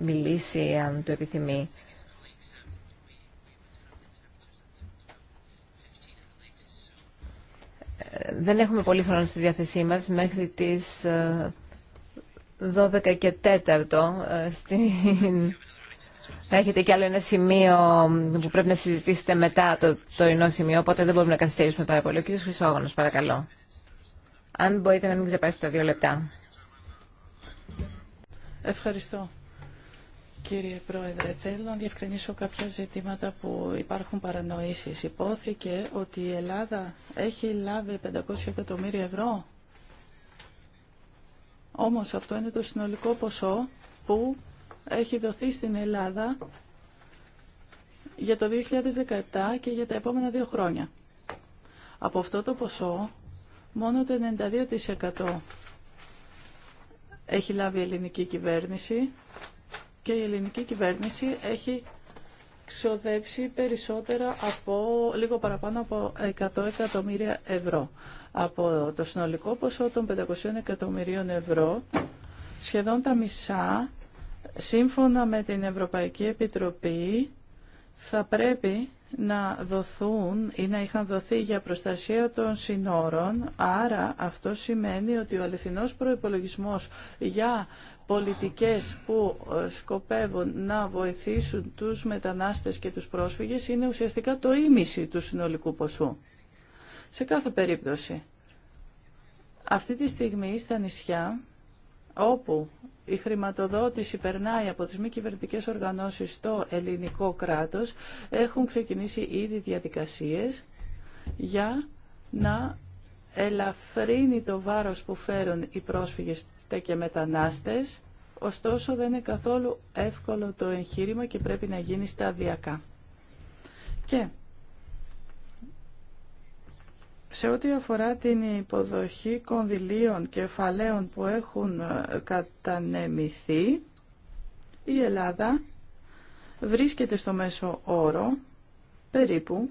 μιλήσει, αν το επιθυμεί. Ε, δεν έχουμε πολύ χρόνο στη διάθεσή μας μέχρι τις 12 ε, και 4 στην Έχετε κι άλλο ένα σημείο που πρέπει να συζητήσετε μετά το τωρινό σημείο, οπότε δεν μπορούμε να καθυστερήσουμε πάρα πολύ. Ο κύριος Χρυσόγωνος, παρακαλώ. Αν μπορείτε να μην ξεπεράσετε τα δύο λεπτά. Ευχαριστώ. Κύριε Πρόεδρε, θέλω να διευκρινίσω κάποια ζητήματα που υπάρχουν παρανοήσεις. Υπόθηκε ότι η Ελλάδα έχει λάβει 500 εκατομμύρια ευρώ. Όμως αυτό είναι το συνολικό ποσό που έχει δοθεί στην Ελλάδα για το 2017 και για τα επόμενα δύο χρόνια. Από αυτό το ποσό, μόνο το 92% έχει λάβει η ελληνική κυβέρνηση και η ελληνική κυβέρνηση έχει ξοδέψει περισσότερα από λίγο παραπάνω από 100 εκατομμύρια ευρώ. Από το συνολικό ποσό των 500 εκατομμυρίων ευρώ, σχεδόν τα μισά Σύμφωνα με την Ευρωπαϊκή Επιτροπή θα πρέπει να δοθούν ή να είχαν δοθεί για προστασία των συνόρων, άρα αυτό σημαίνει ότι ο αληθινός προϋπολογισμός για πολιτικές που ε, σκοπεύουν να βοηθήσουν τους μετανάστες και τους πρόσφυγες είναι ουσιαστικά το ίμιση του συνολικού ποσού. Σε κάθε περίπτωση. Αυτή τη στιγμή στα νησιά όπου η χρηματοδότηση περνάει από τις μη κυβερνητικέ οργανώσεις στο ελληνικό κράτος. Έχουν ξεκινήσει ήδη διαδικασίες για να ελαφρύνει το βάρος που φέρουν οι πρόσφυγες και μετανάστες. Ωστόσο δεν είναι καθόλου εύκολο το εγχείρημα και πρέπει να γίνει σταδιακά. Και σε ό,τι αφορά την υποδοχή κονδυλίων κεφαλαίων που έχουν ε, κατανεμηθεί, η Ελλάδα βρίσκεται στο μέσο όρο περίπου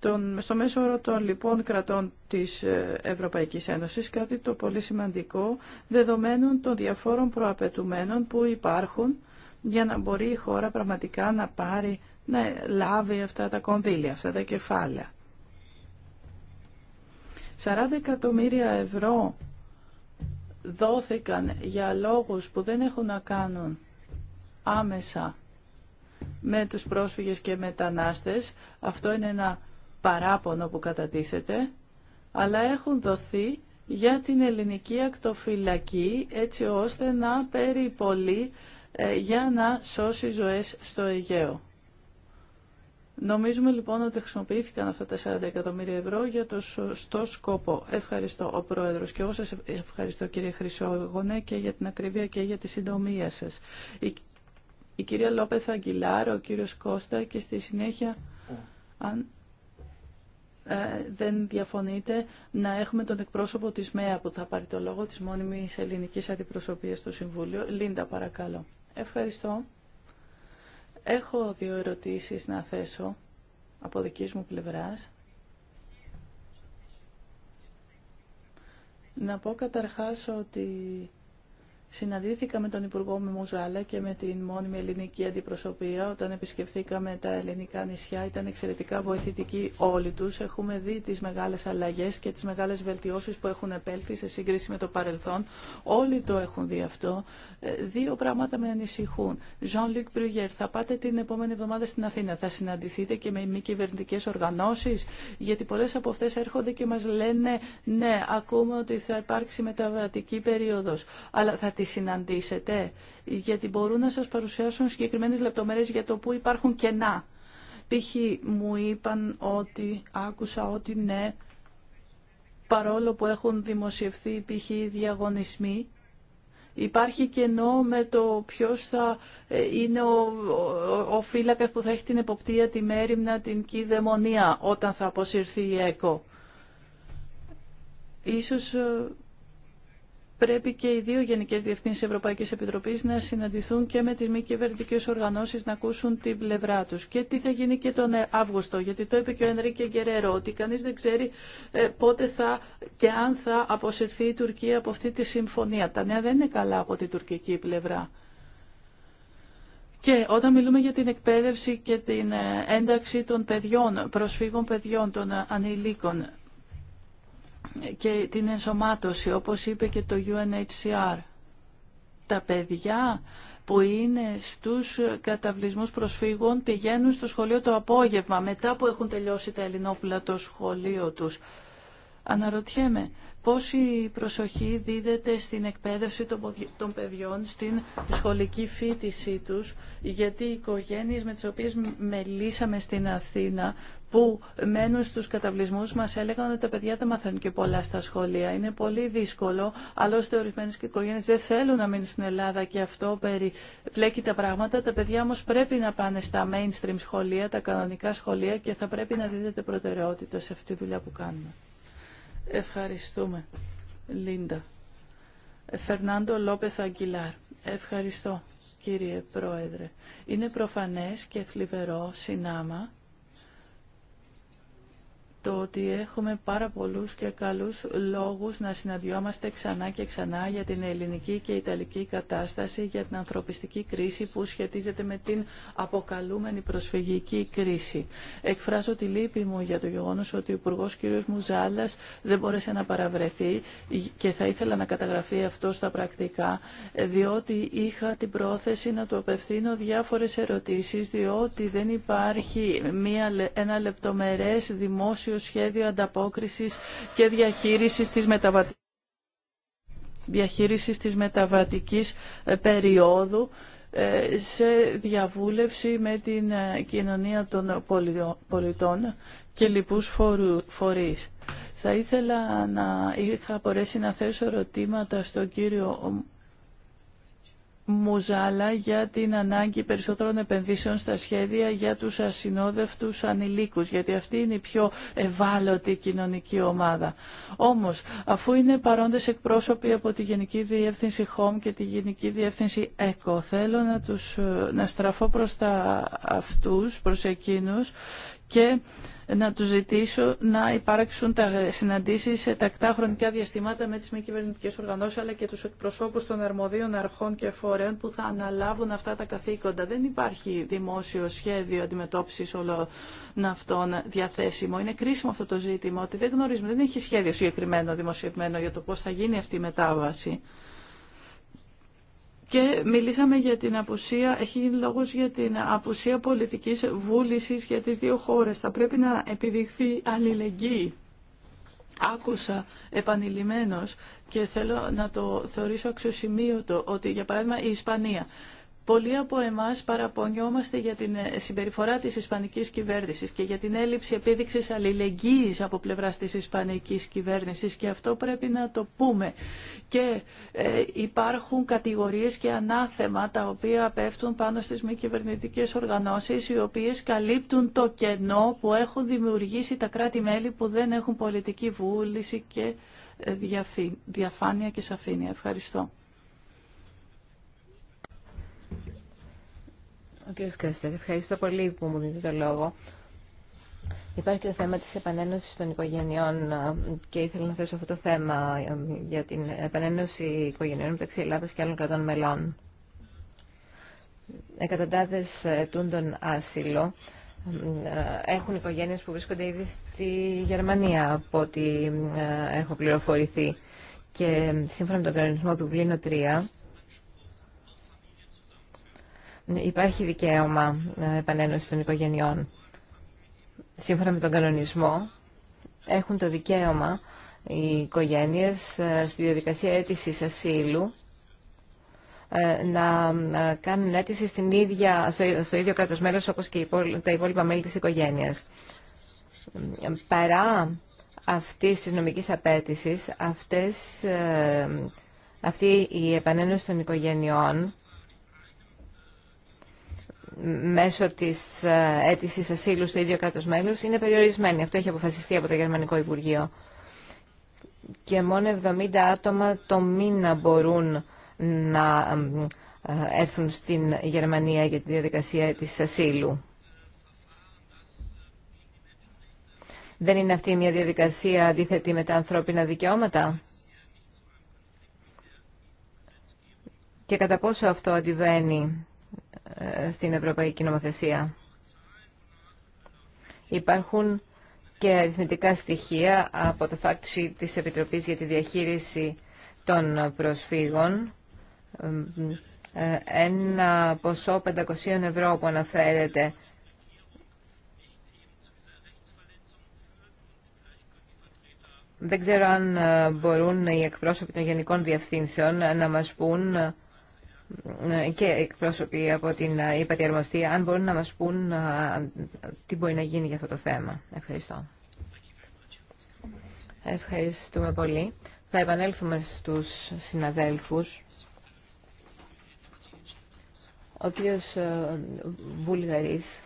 τον, στο μέσο όρο των λοιπόν κρατών της ε, Ευρωπαϊκής Ένωσης, κάτι το πολύ σημαντικό, δεδομένων των διαφόρων προαπαιτουμένων που υπάρχουν για να μπορεί η χώρα πραγματικά να πάρει, να λάβει αυτά τα κονδύλια, αυτά τα κεφάλαια. 40 εκατομμύρια ευρώ δόθηκαν για λόγους που δεν έχουν να κάνουν άμεσα με τους πρόσφυγες και μετανάστες. Αυτό είναι ένα παράπονο που κατατίθεται, αλλά έχουν δοθεί για την ελληνική ακτοφυλακή έτσι ώστε να περιπολεί ε, για να σώσει ζωές στο Αιγαίο. Νομίζουμε λοιπόν ότι χρησιμοποιήθηκαν αυτά τα 40 εκατομμύρια ευρώ για το σωστό σκόπο. Ευχαριστώ ο Πρόεδρος και εγώ σας ευχαριστώ κύριε Χρυσόγωνε και για την ακρίβεια και για τη συντομία σας. Η, κυρία Λόπεθ Αγγιλάρ, ο κύριος Κώστα και στη συνέχεια αν ε, δεν διαφωνείτε να έχουμε τον εκπρόσωπο της ΜΕΑ που θα πάρει το λόγο της μόνιμης ελληνικής αντιπροσωπείας στο Συμβούλιο. Λίντα παρακαλώ. Ευχαριστώ. Έχω δύο ερωτήσεις να θέσω από δική μου πλευράς. Να πω καταρχάς ότι Συναντήθηκα με τον Υπουργό Μουζάλα και με την μόνιμη ελληνική αντιπροσωπεία όταν επισκεφθήκαμε τα ελληνικά νησιά. Ήταν εξαιρετικά βοηθητικοί όλοι τους. Έχουμε δει τις μεγάλες αλλαγές και τις μεγάλες βελτιώσεις που έχουν επέλθει σε σύγκριση με το παρελθόν. Όλοι το έχουν δει αυτό. Ε, δύο πράγματα με ανησυχούν. Jean-Luc Brugger, θα πάτε την επόμενη εβδομάδα στην Αθήνα. Θα συναντηθείτε και με μη κυβερνητικέ οργανώσει. γιατί πολλέ από αυτέ έρχονται και μα λένε ναι, ακούμε ότι θα υπάρξει μεταβατική περίοδο. Αλλά θα συναντήσετε, γιατί μπορούν να σας παρουσιάσουν συγκεκριμένες λεπτομέρειες για το που υπάρχουν κενά. Π.χ. μου είπαν ότι άκουσα ότι ναι, παρόλο που έχουν δημοσιευθεί π.χ. διαγωνισμοί, Υπάρχει κενό με το ποιος θα ε, είναι ο, ο, που θα έχει την εποπτεία, τη μέρημνα, την κηδαιμονία όταν θα αποσυρθεί η ΕΚΟ. Ίσως ε, πρέπει και οι δύο Γενικέ Διευθύνσει Ευρωπαϊκή Επιτροπή να συναντηθούν και με τι μη κυβερνητικέ οργανώσει να ακούσουν την πλευρά του. Και τι θα γίνει και τον ε, Αύγουστο, γιατί το είπε και ο Ενρίκε Γκερέρο, ότι κανεί δεν ξέρει ε, πότε θα και αν θα αποσυρθεί η Τουρκία από αυτή τη συμφωνία. Τα νέα δεν είναι καλά από την τουρκική πλευρά. Και όταν μιλούμε για την εκπαίδευση και την ε, ένταξη των παιδιών, προσφύγων παιδιών, των ανηλίκων, και την ενσωμάτωση, όπως είπε και το UNHCR. Τα παιδιά που είναι στους καταβλισμούς προσφύγων πηγαίνουν στο σχολείο το απόγευμα, μετά που έχουν τελειώσει τα ελληνόπουλα το σχολείο τους. Αναρωτιέμαι, η προσοχή δίδεται στην εκπαίδευση των παιδιών, στην σχολική φίτησή τους, γιατί οι οικογένειες με τις οποίες μελήσαμε στην Αθήνα που μένουν στους καταβλισμούς μας έλεγαν ότι τα παιδιά δεν μαθαίνουν και πολλά στα σχολεία. Είναι πολύ δύσκολο, άλλωστε ορισμένες και οικογένειες δεν θέλουν να μείνουν στην Ελλάδα και αυτό πλέκει τα πράγματα. Τα παιδιά όμως πρέπει να πάνε στα mainstream σχολεία, τα κανονικά σχολεία και θα πρέπει να δίδεται προτεραιότητα σε αυτή τη δουλειά που κάνουμε. Ευχαριστούμε. Λίντα. Φερνάντο Λόπεθ Αγγιλάρ. Ευχαριστώ κύριε Πρόεδρε. Είναι προφανές και θλιβερό συνάμα το ότι έχουμε πάρα πολλούς και καλούς λόγους να συναντιόμαστε ξανά και ξανά για την ελληνική και ιταλική κατάσταση, για την ανθρωπιστική κρίση που σχετίζεται με την αποκαλούμενη προσφυγική κρίση. Εκφράζω τη λύπη μου για το γεγονός ότι ο υπουργό κ. Μουζάλλας δεν μπόρεσε να παραβρεθεί και θα ήθελα να καταγραφεί αυτό στα πρακτικά, διότι είχα την πρόθεση να του απευθύνω διάφορες ερωτήσεις, διότι δεν υπάρχει μία, ένα λεπτομερές δημόσιο δημόσιο σχέδιο ανταπόκρισης και διαχείρισης της μεταβατικής της μεταβατικής ε, περίοδου ε, σε διαβούλευση με την ε, κοινωνία των πολιτών και λοιπούς φορείς. Θα ήθελα να είχα μπορέσει να θέσω ερωτήματα στον κύριο Μουζάλα για την ανάγκη περισσότερων επενδύσεων στα σχέδια για τους ασυνόδευτους ανηλίκους, γιατί αυτή είναι η πιο ευάλωτη κοινωνική ομάδα. Όμως, αφού είναι παρόντες εκπρόσωποι από τη Γενική Διεύθυνση Home και τη Γενική Διεύθυνση ΕΚΟ, θέλω να, τους, να στραφώ προς τα αυτούς, προς εκείνους και να τους ζητήσω να υπάρξουν τα συναντήσεις σε τακτά χρονικά διαστημάτα με τις μη κυβερνητικέ οργανώσεις αλλά και τους εκπροσώπους των αρμοδίων αρχών και φορέων που θα αναλάβουν αυτά τα καθήκοντα. Δεν υπάρχει δημόσιο σχέδιο αντιμετώπισης όλων αυτών διαθέσιμο. Είναι κρίσιμο αυτό το ζήτημα ότι δεν γνωρίζουμε, δεν έχει σχέδιο συγκεκριμένο δημοσιευμένο για το πώς θα γίνει αυτή η μετάβαση και μιλήσαμε για την απουσία, έχει γίνει λόγος για την απουσία πολιτικής βούλησης για τις δύο χώρες. Θα πρέπει να επιδειχθεί αλληλεγγύη. Άκουσα επανειλημμένος και θέλω να το θεωρήσω αξιοσημείωτο ότι για παράδειγμα η Ισπανία Πολλοί από εμά παραπονιόμαστε για την ε, συμπεριφορά τη ισπανική κυβέρνηση και για την έλλειψη επίδειξης αλληλεγγύης από πλευρά τη ισπανική κυβέρνηση, και αυτό πρέπει να το πούμε. Και ε, υπάρχουν κατηγορίε και ανάθεμα τα οποία πέφτουν πάνω στι μη κυβερνητικέ οργανώσει, οι οποίε καλύπτουν το κενό που έχουν δημιουργήσει τα κράτη-μέλη που δεν έχουν πολιτική βούληση και ε, διαφάνεια και σαφήνεια. Ευχαριστώ. Ο κ. Κέστερ, ευχαριστώ πολύ που μου δίνετε το λόγο. Υπάρχει και το θέμα της επανένωσης των οικογενειών ε, και ήθελα να θέσω αυτό το θέμα ε, για την επανένωση οικογενειών μεταξύ Ελλάδας και άλλων κρατών μελών. Εκατοντάδες τον άσυλο ε, έχουν οικογένειες που βρίσκονται ήδη στη Γερμανία από ό,τι έχω πληροφορηθεί και σύμφωνα με τον κανονισμό του Βλήνο 3 υπάρχει δικαίωμα ε, επανένωση των οικογενειών. Σύμφωνα με τον κανονισμό, έχουν το δικαίωμα οι οικογένειες ε, στη διαδικασία αίτησης ασύλου ε, να κάνουν αίτηση στην ίδια, στο ίδιο κράτος μέλος όπως και τα υπόλοιπα μέλη της οικογένειας. Παρά αυτή τη νομικής απέτησης, αυτή η επανένωση των οικογενειών μέσω τη ε, αίτηση ασύλου στο ίδιο κράτος μέλος είναι περιορισμένη. Αυτό έχει αποφασιστεί από το Γερμανικό Υπουργείο. Και μόνο 70 άτομα το μήνα μπορούν να ε, έρθουν στην Γερμανία για τη διαδικασία της ασύλου. Δεν είναι αυτή μια διαδικασία αντίθετη με τα ανθρώπινα δικαιώματα. Και κατά πόσο αυτό αντιβαίνει στην Ευρωπαϊκή Νομοθεσία. Υπάρχουν και αριθμητικά στοιχεία από το fact της Επιτροπής για τη διαχείριση των προσφύγων. Ένα ποσό 500 ευρώ που αναφέρεται Δεν ξέρω αν μπορούν οι εκπρόσωποι των Γενικών Διευθύνσεων να μας πούν και εκπρόσωποι από την ΥΠΑΤΗ ε, αν μπορούν να μας πούν ε, τι μπορεί να γίνει για αυτό το θέμα. Ευχαριστώ. Ευχαριστούμε πολύ. Θα επανέλθουμε στους συναδέλφους. Ο κύριος ε, Βουλγαρίς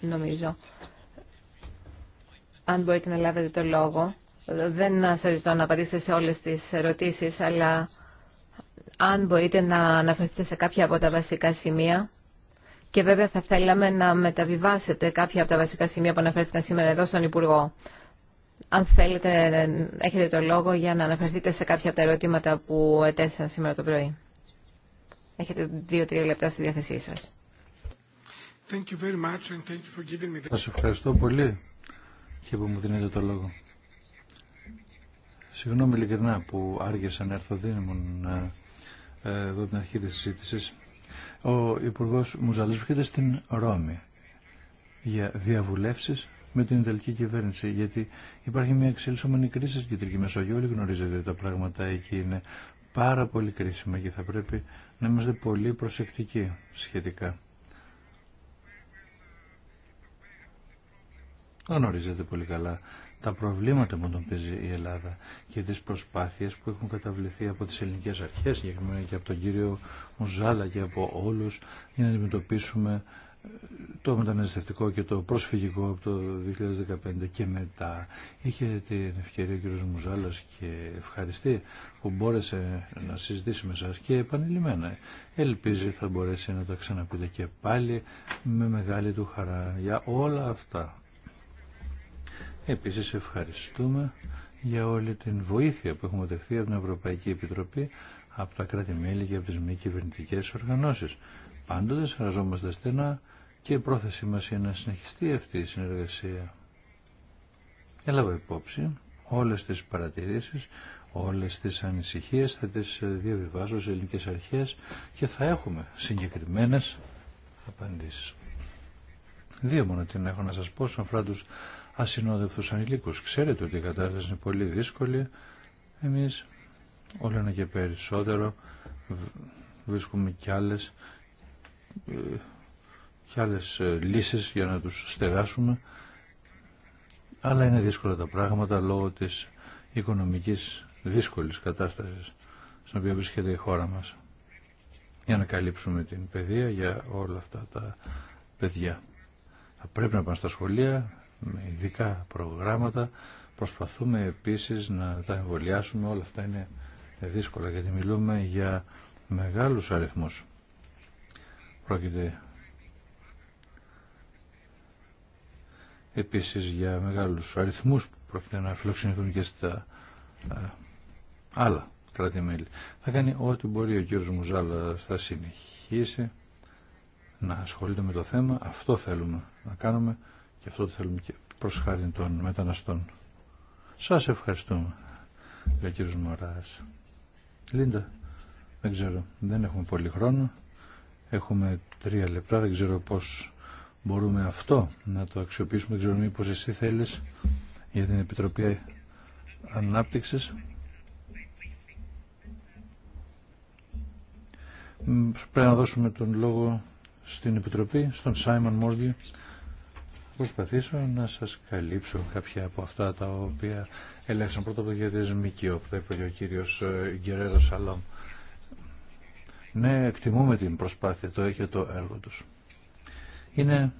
νομίζω, αν μπορείτε να λάβετε το λόγο, δεν σας ζητώ να απαντήσετε σε όλες τις ερωτήσεις, αλλά αν μπορείτε να αναφερθείτε σε κάποια από τα βασικά σημεία. Και βέβαια θα θέλαμε να μεταβιβάσετε κάποια από τα βασικά σημεία που αναφέρθηκαν σήμερα εδώ στον Υπουργό. Αν θέλετε, έχετε το λόγο για να αναφερθείτε σε κάποια από τα ερωτήματα που ετέθησαν σήμερα το πρωί. Έχετε δύο-τρία λεπτά στη διάθεσή σας. Σας ευχαριστώ πολύ και που μου δίνετε το λόγο. Συγγνώμη ειλικρινά που άργησα να έρθω, δεν ήμουν ε, ε, εδώ την αρχή της συζήτηση. Ο Υπουργός Μουζαλής βρίσκεται στην Ρώμη για διαβουλεύσεις με την Ιταλική κυβέρνηση, γιατί υπάρχει μια εξελισσόμενη κρίση στην Κεντρική Μεσογείο. Όλοι γνωρίζετε ότι τα πράγματα εκεί είναι πάρα πολύ κρίσιμα και θα πρέπει να είμαστε πολύ προσεκτικοί σχετικά. Γνωρίζετε πολύ καλά τα προβλήματα που αντιμετωπίζει η Ελλάδα και τις προσπάθειες που έχουν καταβληθεί από τις ελληνικές αρχές, και από τον κύριο Μουζάλα και από όλους, για να αντιμετωπίσουμε ε, το μεταναστευτικό και το προσφυγικό από το 2015 και μετά. Είχε την ευκαιρία ο κ. Μουζάλας και ευχαριστεί που μπόρεσε να συζητήσει με σας και επανειλημμένα. Ελπίζει θα μπορέσει να τα ξαναπείτε και πάλι με μεγάλη του χαρά για όλα αυτά. Επίσης ευχαριστούμε για όλη την βοήθεια που έχουμε δεχθεί από την Ευρωπαϊκή Επιτροπή, από τα κράτη-μέλη και από τις μη κυβερνητικέ οργανώσεις. Πάντοτε συνεργαζόμαστε στενά και η πρόθεσή μας είναι να συνεχιστεί αυτή η συνεργασία. Έλαβα υπόψη όλες τις παρατηρήσεις, όλες τις ανησυχίες, θα τις διαβιβάσω σε ελληνικές αρχές και θα έχουμε συγκεκριμένες απαντήσεις. Δύο μόνο την έχω να σας πω σαν ασυνόδευτος ανηλίκους. Ξέρετε ότι η κατάσταση είναι πολύ δύσκολη. Εμείς όλα ένα και περισσότερο. Βρίσκουμε κι άλλες, κι ε, λύσεις για να τους στεγάσουμε. Αλλά είναι δύσκολα τα πράγματα λόγω της οικονομικής δύσκολης κατάστασης στην οποία βρίσκεται η χώρα μας για να καλύψουμε την παιδεία για όλα αυτά τα παιδιά. Θα πρέπει να πάνε στα σχολεία, με ειδικά προγράμματα. Προσπαθούμε επίσης να τα εμβολιάσουμε. Όλα αυτά είναι δύσκολα γιατί μιλούμε για μεγάλους αριθμούς. Πρόκειται επίσης για μεγάλους αριθμούς που πρόκειται να φιλοξενηθούν και στα άλλα κράτη-μέλη. Θα κάνει ό,τι μπορεί ο κύριος Μουζάλα, θα συνεχίσει να ασχολείται με το θέμα. Αυτό θέλουμε να κάνουμε και αυτό το θέλουμε και προς χάρη των μεταναστών. Σας ευχαριστούμε, λέει κύριος Μωράς. Λίντα, δεν ξέρω, δεν έχουμε πολύ χρόνο. Έχουμε τρία λεπτά, δεν ξέρω πώς μπορούμε αυτό να το αξιοποιήσουμε. Δεν ξέρω μήπως εσύ θέλεις για την Επιτροπή Ανάπτυξης. Πρέπει να δώσουμε τον λόγο στην Επιτροπή, στον Σάιμον Μόργι, προσπαθήσω να σας καλύψω κάποια από αυτά τα οποία ελέγξαν πρώτα το γιατί τις ΜΚΟ που τα είπε ο κύριος ε, Γκερέρο Σαλόμ. Ναι, εκτιμούμε την προσπάθεια, το έχει το έργο τους. Είναι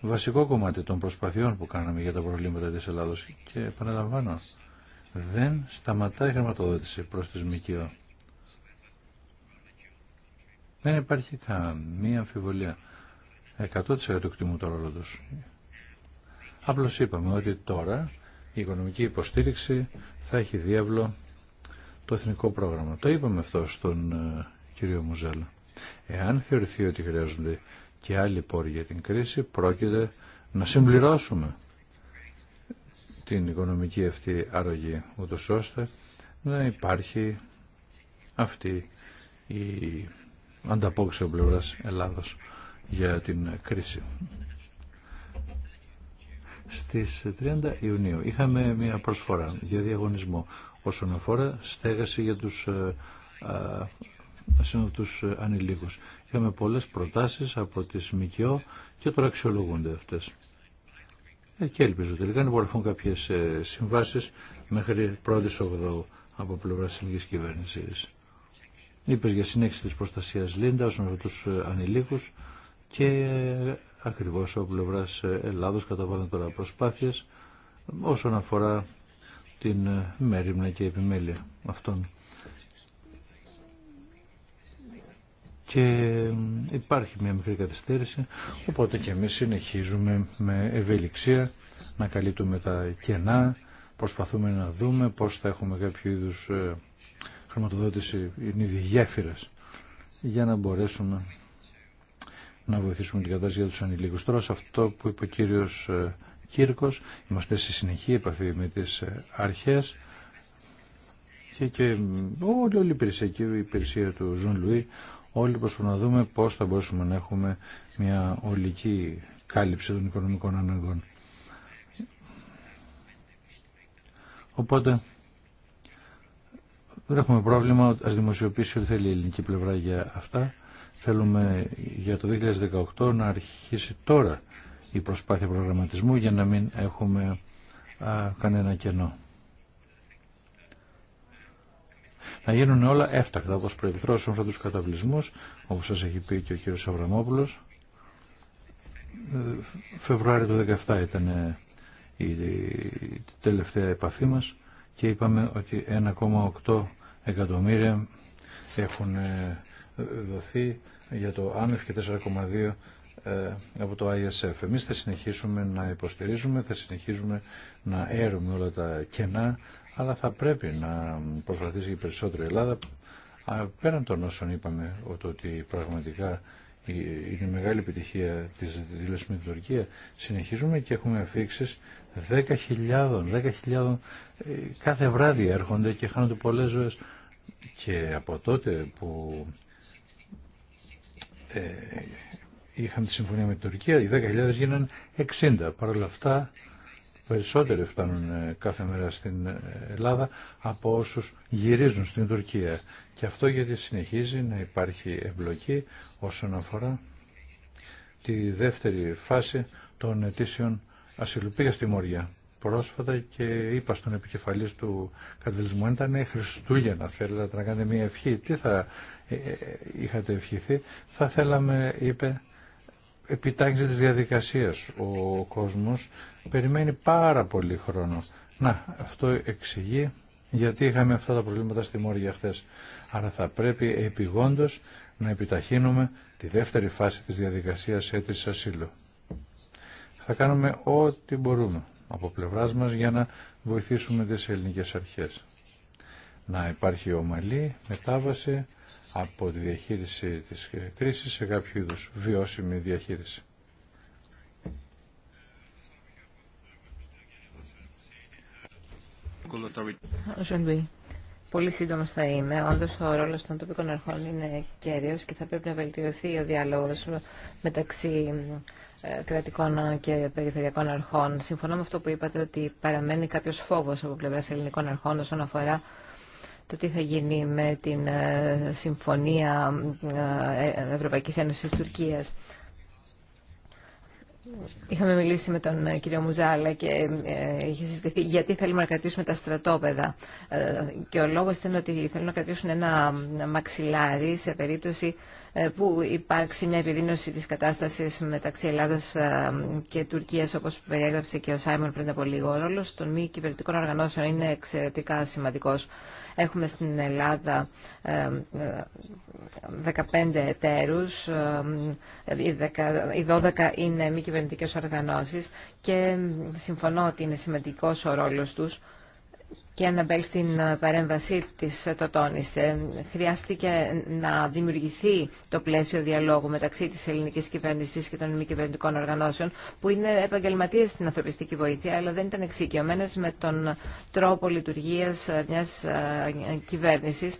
βασικό κομμάτι των προσπαθειών που κάναμε για τα προβλήματα της Ελλάδος και επαναλαμβάνω, δεν σταματάει η χρηματοδότηση προς τη ΜΚΟ. Δεν υπάρχει καμία αμφιβολία. 100% εκτιμούν το ρόλο τους. Απλώς είπαμε ότι τώρα η οικονομική υποστήριξη θα έχει διάβλο το εθνικό πρόγραμμα. Το είπαμε αυτό στον ε, κύριο Μουζέλα. Εάν θεωρηθεί ότι χρειάζονται και άλλοι πόροι για την κρίση, πρόκειται να συμπληρώσουμε την οικονομική αυτή αρρωγή, ούτω ώστε να υπάρχει αυτή η ανταπόκριση ο πλευράς Ελλάδος για την κρίση. Στις 30 Ιουνίου είχαμε μια προσφορά για διαγωνισμό όσον αφορά στέγαση για τους ε, ε, ασύνοπτους ανηλίκους. Είχαμε πολλές προτάσεις από τις ΜΚΟ και τώρα αξιολογούνται αυτές. Ε, και ελπίζω τελικά να μπορούν κάποιες συμβάσεις μέχρι πρώτης ογδόου από πλευρά της ελληνικής κυβέρνησης. Είπες για συνέχιση της προστασίας Λίντα όσον αφορά τους ανηλίκους και ακριβώς ο πλευράς Ελλάδος καταβάλλουν τώρα προσπάθειες όσον αφορά την μέρημνα και επιμέλεια αυτών. και υπάρχει μια μικρή καθυστέρηση οπότε και εμείς συνεχίζουμε με ευελιξία να καλύπτουμε τα κενά προσπαθούμε να δούμε πώς θα έχουμε κάποιο είδους ε, χρηματοδότηση ήδη για να μπορέσουμε να βοηθήσουμε την κατάσταση για τους ανηλίκους. Τώρα σε αυτό που είπε ο κύριος ε, Κύρκος, είμαστε σε συνεχή επαφή με τις ε, αρχές και, και όλη, όλη η υπηρεσία, η υπηρεσία του Ζουν Λουί, όλοι προσπαθούμε να δούμε πώς θα μπορούσαμε να έχουμε μια ολική κάλυψη των οικονομικών αναγκών. Οπότε δεν έχουμε πρόβλημα, ας δημοσιοποιήσει ό,τι θέλει η ελληνική πλευρά για αυτά Θέλουμε για το 2018 να αρχίσει τώρα η προσπάθεια προγραμματισμού για να μην έχουμε κανένα κενό. Να γίνουν όλα έφτακτα όπως προεπιτρώσουν όσον τους καταβλισμούς όπως σας έχει πει και ο κύριος Αβραμόπουλος. Φεβρουάριο του 2017 ήταν ε, η τελευταία επαφή μας και είπαμε ότι 1,8 εκατομμύρια έχουν ε, δοθεί για το άνευ και 4,2 ε, από το ISF. Εμείς θα συνεχίσουμε να υποστηρίζουμε, θα συνεχίζουμε να έρουμε όλα τα κενά, αλλά θα πρέπει να προσπαθήσει η περισσότερη Ελλάδα πέραν των όσων είπαμε ότι πραγματικά είναι μεγάλη επιτυχία της δήλωσης με την συνεχίζουμε και έχουμε αφήξεις 10.000 10.000 ε, κάθε βράδυ έρχονται και χάνονται πολλές ζωές και από τότε που ε, είχαμε τη συμφωνία με την Τουρκία, οι 10.000 γίναν 60. Παρ' όλα αυτά περισσότεροι φτάνουν ε, κάθε μέρα στην ε, Ελλάδα από όσους γυρίζουν στην Τουρκία. Και αυτό γιατί συνεχίζει να υπάρχει εμπλοκή όσον αφορά τη δεύτερη φάση των αιτήσεων ασυλουπία στη Μοριά πρόσφατα και είπα στον επικεφαλής του καπιταλισμού ήταν Χριστούγεννα, θέλετε να κάνετε μια ευχή. Τι θα ε, ε, είχατε ευχηθεί. Θα θέλαμε, είπε, επιτάχυνση της διαδικασίας. Ο κόσμος περιμένει πάρα πολύ χρόνο. Να, αυτό εξηγεί γιατί είχαμε αυτά τα προβλήματα στη Μόρια χθε. Άρα θα πρέπει επιγόντως να επιταχύνουμε τη δεύτερη φάση της διαδικασίας αίτησης ασύλου. Θα κάνουμε ό,τι μπορούμε από πλευράς μας για να βοηθήσουμε τις ελληνικές αρχές. Να υπάρχει ομαλή μετάβαση από τη διαχείριση της κρίσης σε κάποιο είδους βιώσιμη διαχείριση. Πολύ σύντομα θα είμαι. Όντω, ο ρόλο των τοπικών αρχών είναι κέριο και θα πρέπει να βελτιωθεί ο διάλογο μεταξύ κρατικών και περιφερειακών αρχών. Συμφωνώ με αυτό που είπατε ότι παραμένει κάποιος φόβος από πλευρά ελληνικών αρχών όσον αφορά το τι θα γίνει με την ε, Συμφωνία ε, ε, Ευρωπαϊκή Ένωση Τουρκίας. Είχαμε μιλήσει με τον κύριο Μουζάλα και είχε συζητηθεί γιατί θέλουμε να κρατήσουμε τα στρατόπεδα. Και ο λόγος ήταν ότι θέλουν να κρατήσουν ένα μαξιλάρι σε περίπτωση ε, που υπάρξει μια επιδείνωση της κατάστασης μεταξύ Ελλάδας ε, και Τουρκίας όπως περιέγραψε και ο Σάιμον πριν από λίγο. Ο ρόλος των μη κυβερνητικών οργανώσεων είναι εξαιρετικά σημαντικός. Έχουμε στην Ελλάδα 15 ε, εταίρους, οι 12 είναι μη κυβερνητικές οργανώσεις και συμφωνώ ότι είναι σημαντικός ο ρόλος τους και Αναμπέλ στην ε, παρέμβασή της ε, το τόνισε. Ε, χρειάστηκε να δημιουργηθεί το πλαίσιο διαλόγου μεταξύ της ελληνικής κυβέρνησης και των μη κυβερνητικών οργανώσεων που είναι επαγγελματίες στην ανθρωπιστική βοήθεια αλλά δεν ήταν εξοικειωμένες με τον τρόπο λειτουργίας μιας κυβέρνησης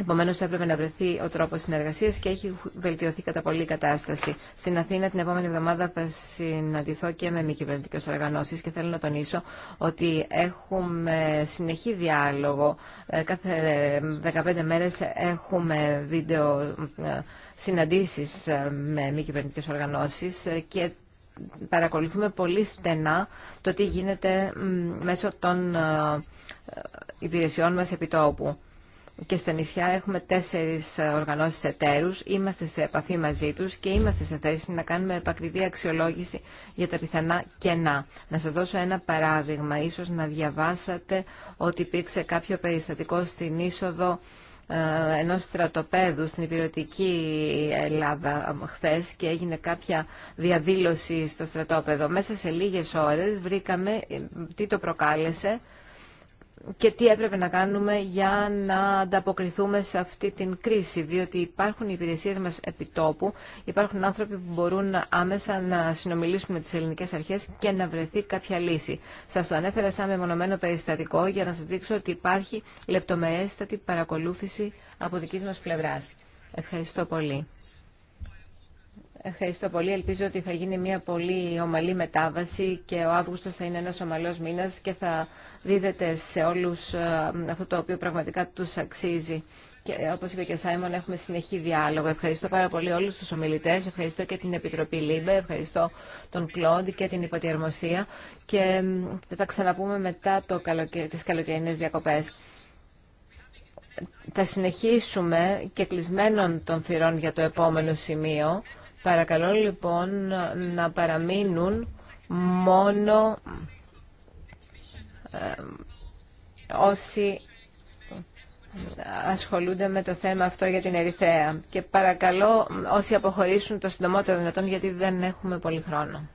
Επομένω, έπρεπε να βρεθεί ο τρόπο συνεργασία και έχει βελτιωθεί κατά πολύ η κατάσταση. Στην Αθήνα την επόμενη εβδομάδα θα συναντηθώ και με μη κυβερνητικέ οργανώσει και θέλω να τονίσω ότι έχουμε συνεχή διάλογο. Ε, κάθε 15 μέρε έχουμε βίντεο ε, συναντήσει ε, με μη κυβερνητικέ οργανώσει και παρακολουθούμε πολύ στενά το τι γίνεται μέσω των υπηρεσιών μας επιτόπου και στα νησιά έχουμε τέσσερις ε, οργανώσεις εταίρους, είμαστε σε επαφή μαζί τους και είμαστε σε θέση να κάνουμε επακριβή αξιολόγηση για τα πιθανά κενά. Να σας δώσω ένα παράδειγμα, ίσως να διαβάσατε ότι υπήρξε κάποιο περιστατικό στην είσοδο ε, ενό στρατοπέδου στην υπηρετική Ελλάδα ε, χθε και έγινε κάποια διαδήλωση στο στρατόπεδο. Μέσα σε λίγες ώρες βρήκαμε τι το προκάλεσε και τι έπρεπε να κάνουμε για να ανταποκριθούμε σε αυτή την κρίση, διότι υπάρχουν οι μα μας επιτόπου, υπάρχουν άνθρωποι που μπορούν άμεσα να συνομιλήσουν με τις ελληνικές αρχές και να βρεθεί κάποια λύση. Σα το ανέφερα σαν μεμονωμένο περιστατικό για να σα δείξω ότι υπάρχει λεπτομερέστατη παρακολούθηση από δική μα πλευρά. Ευχαριστώ πολύ. Ευχαριστώ πολύ. Ελπίζω ότι θα γίνει μια πολύ ομαλή μετάβαση και ο Αύγουστος θα είναι ένας ομαλός μήνας και θα δίδεται σε όλους ε, αυτό το οποίο πραγματικά τους αξίζει. Και όπως είπε και ο Σάιμον, έχουμε συνεχή διάλογο. Ευχαριστώ πάρα πολύ όλους τους ομιλητές. Ευχαριστώ και την Επιτροπή Λίμπε, Ευχαριστώ τον Κλόντ και την Υποτιερμοσία. Και θα τα ξαναπούμε μετά το καλοκαι... τις καλοκαιρινές διακοπές θα συνεχίσουμε και κλεισμένων των θυρών για το επόμενο σημείο. Παρακαλώ λοιπόν να παραμείνουν μόνο ε, όσοι ασχολούνται με το θέμα αυτό για την Ερυθέα. Και παρακαλώ όσοι αποχωρήσουν το συντομότερο δυνατόν γιατί δεν έχουμε πολύ χρόνο.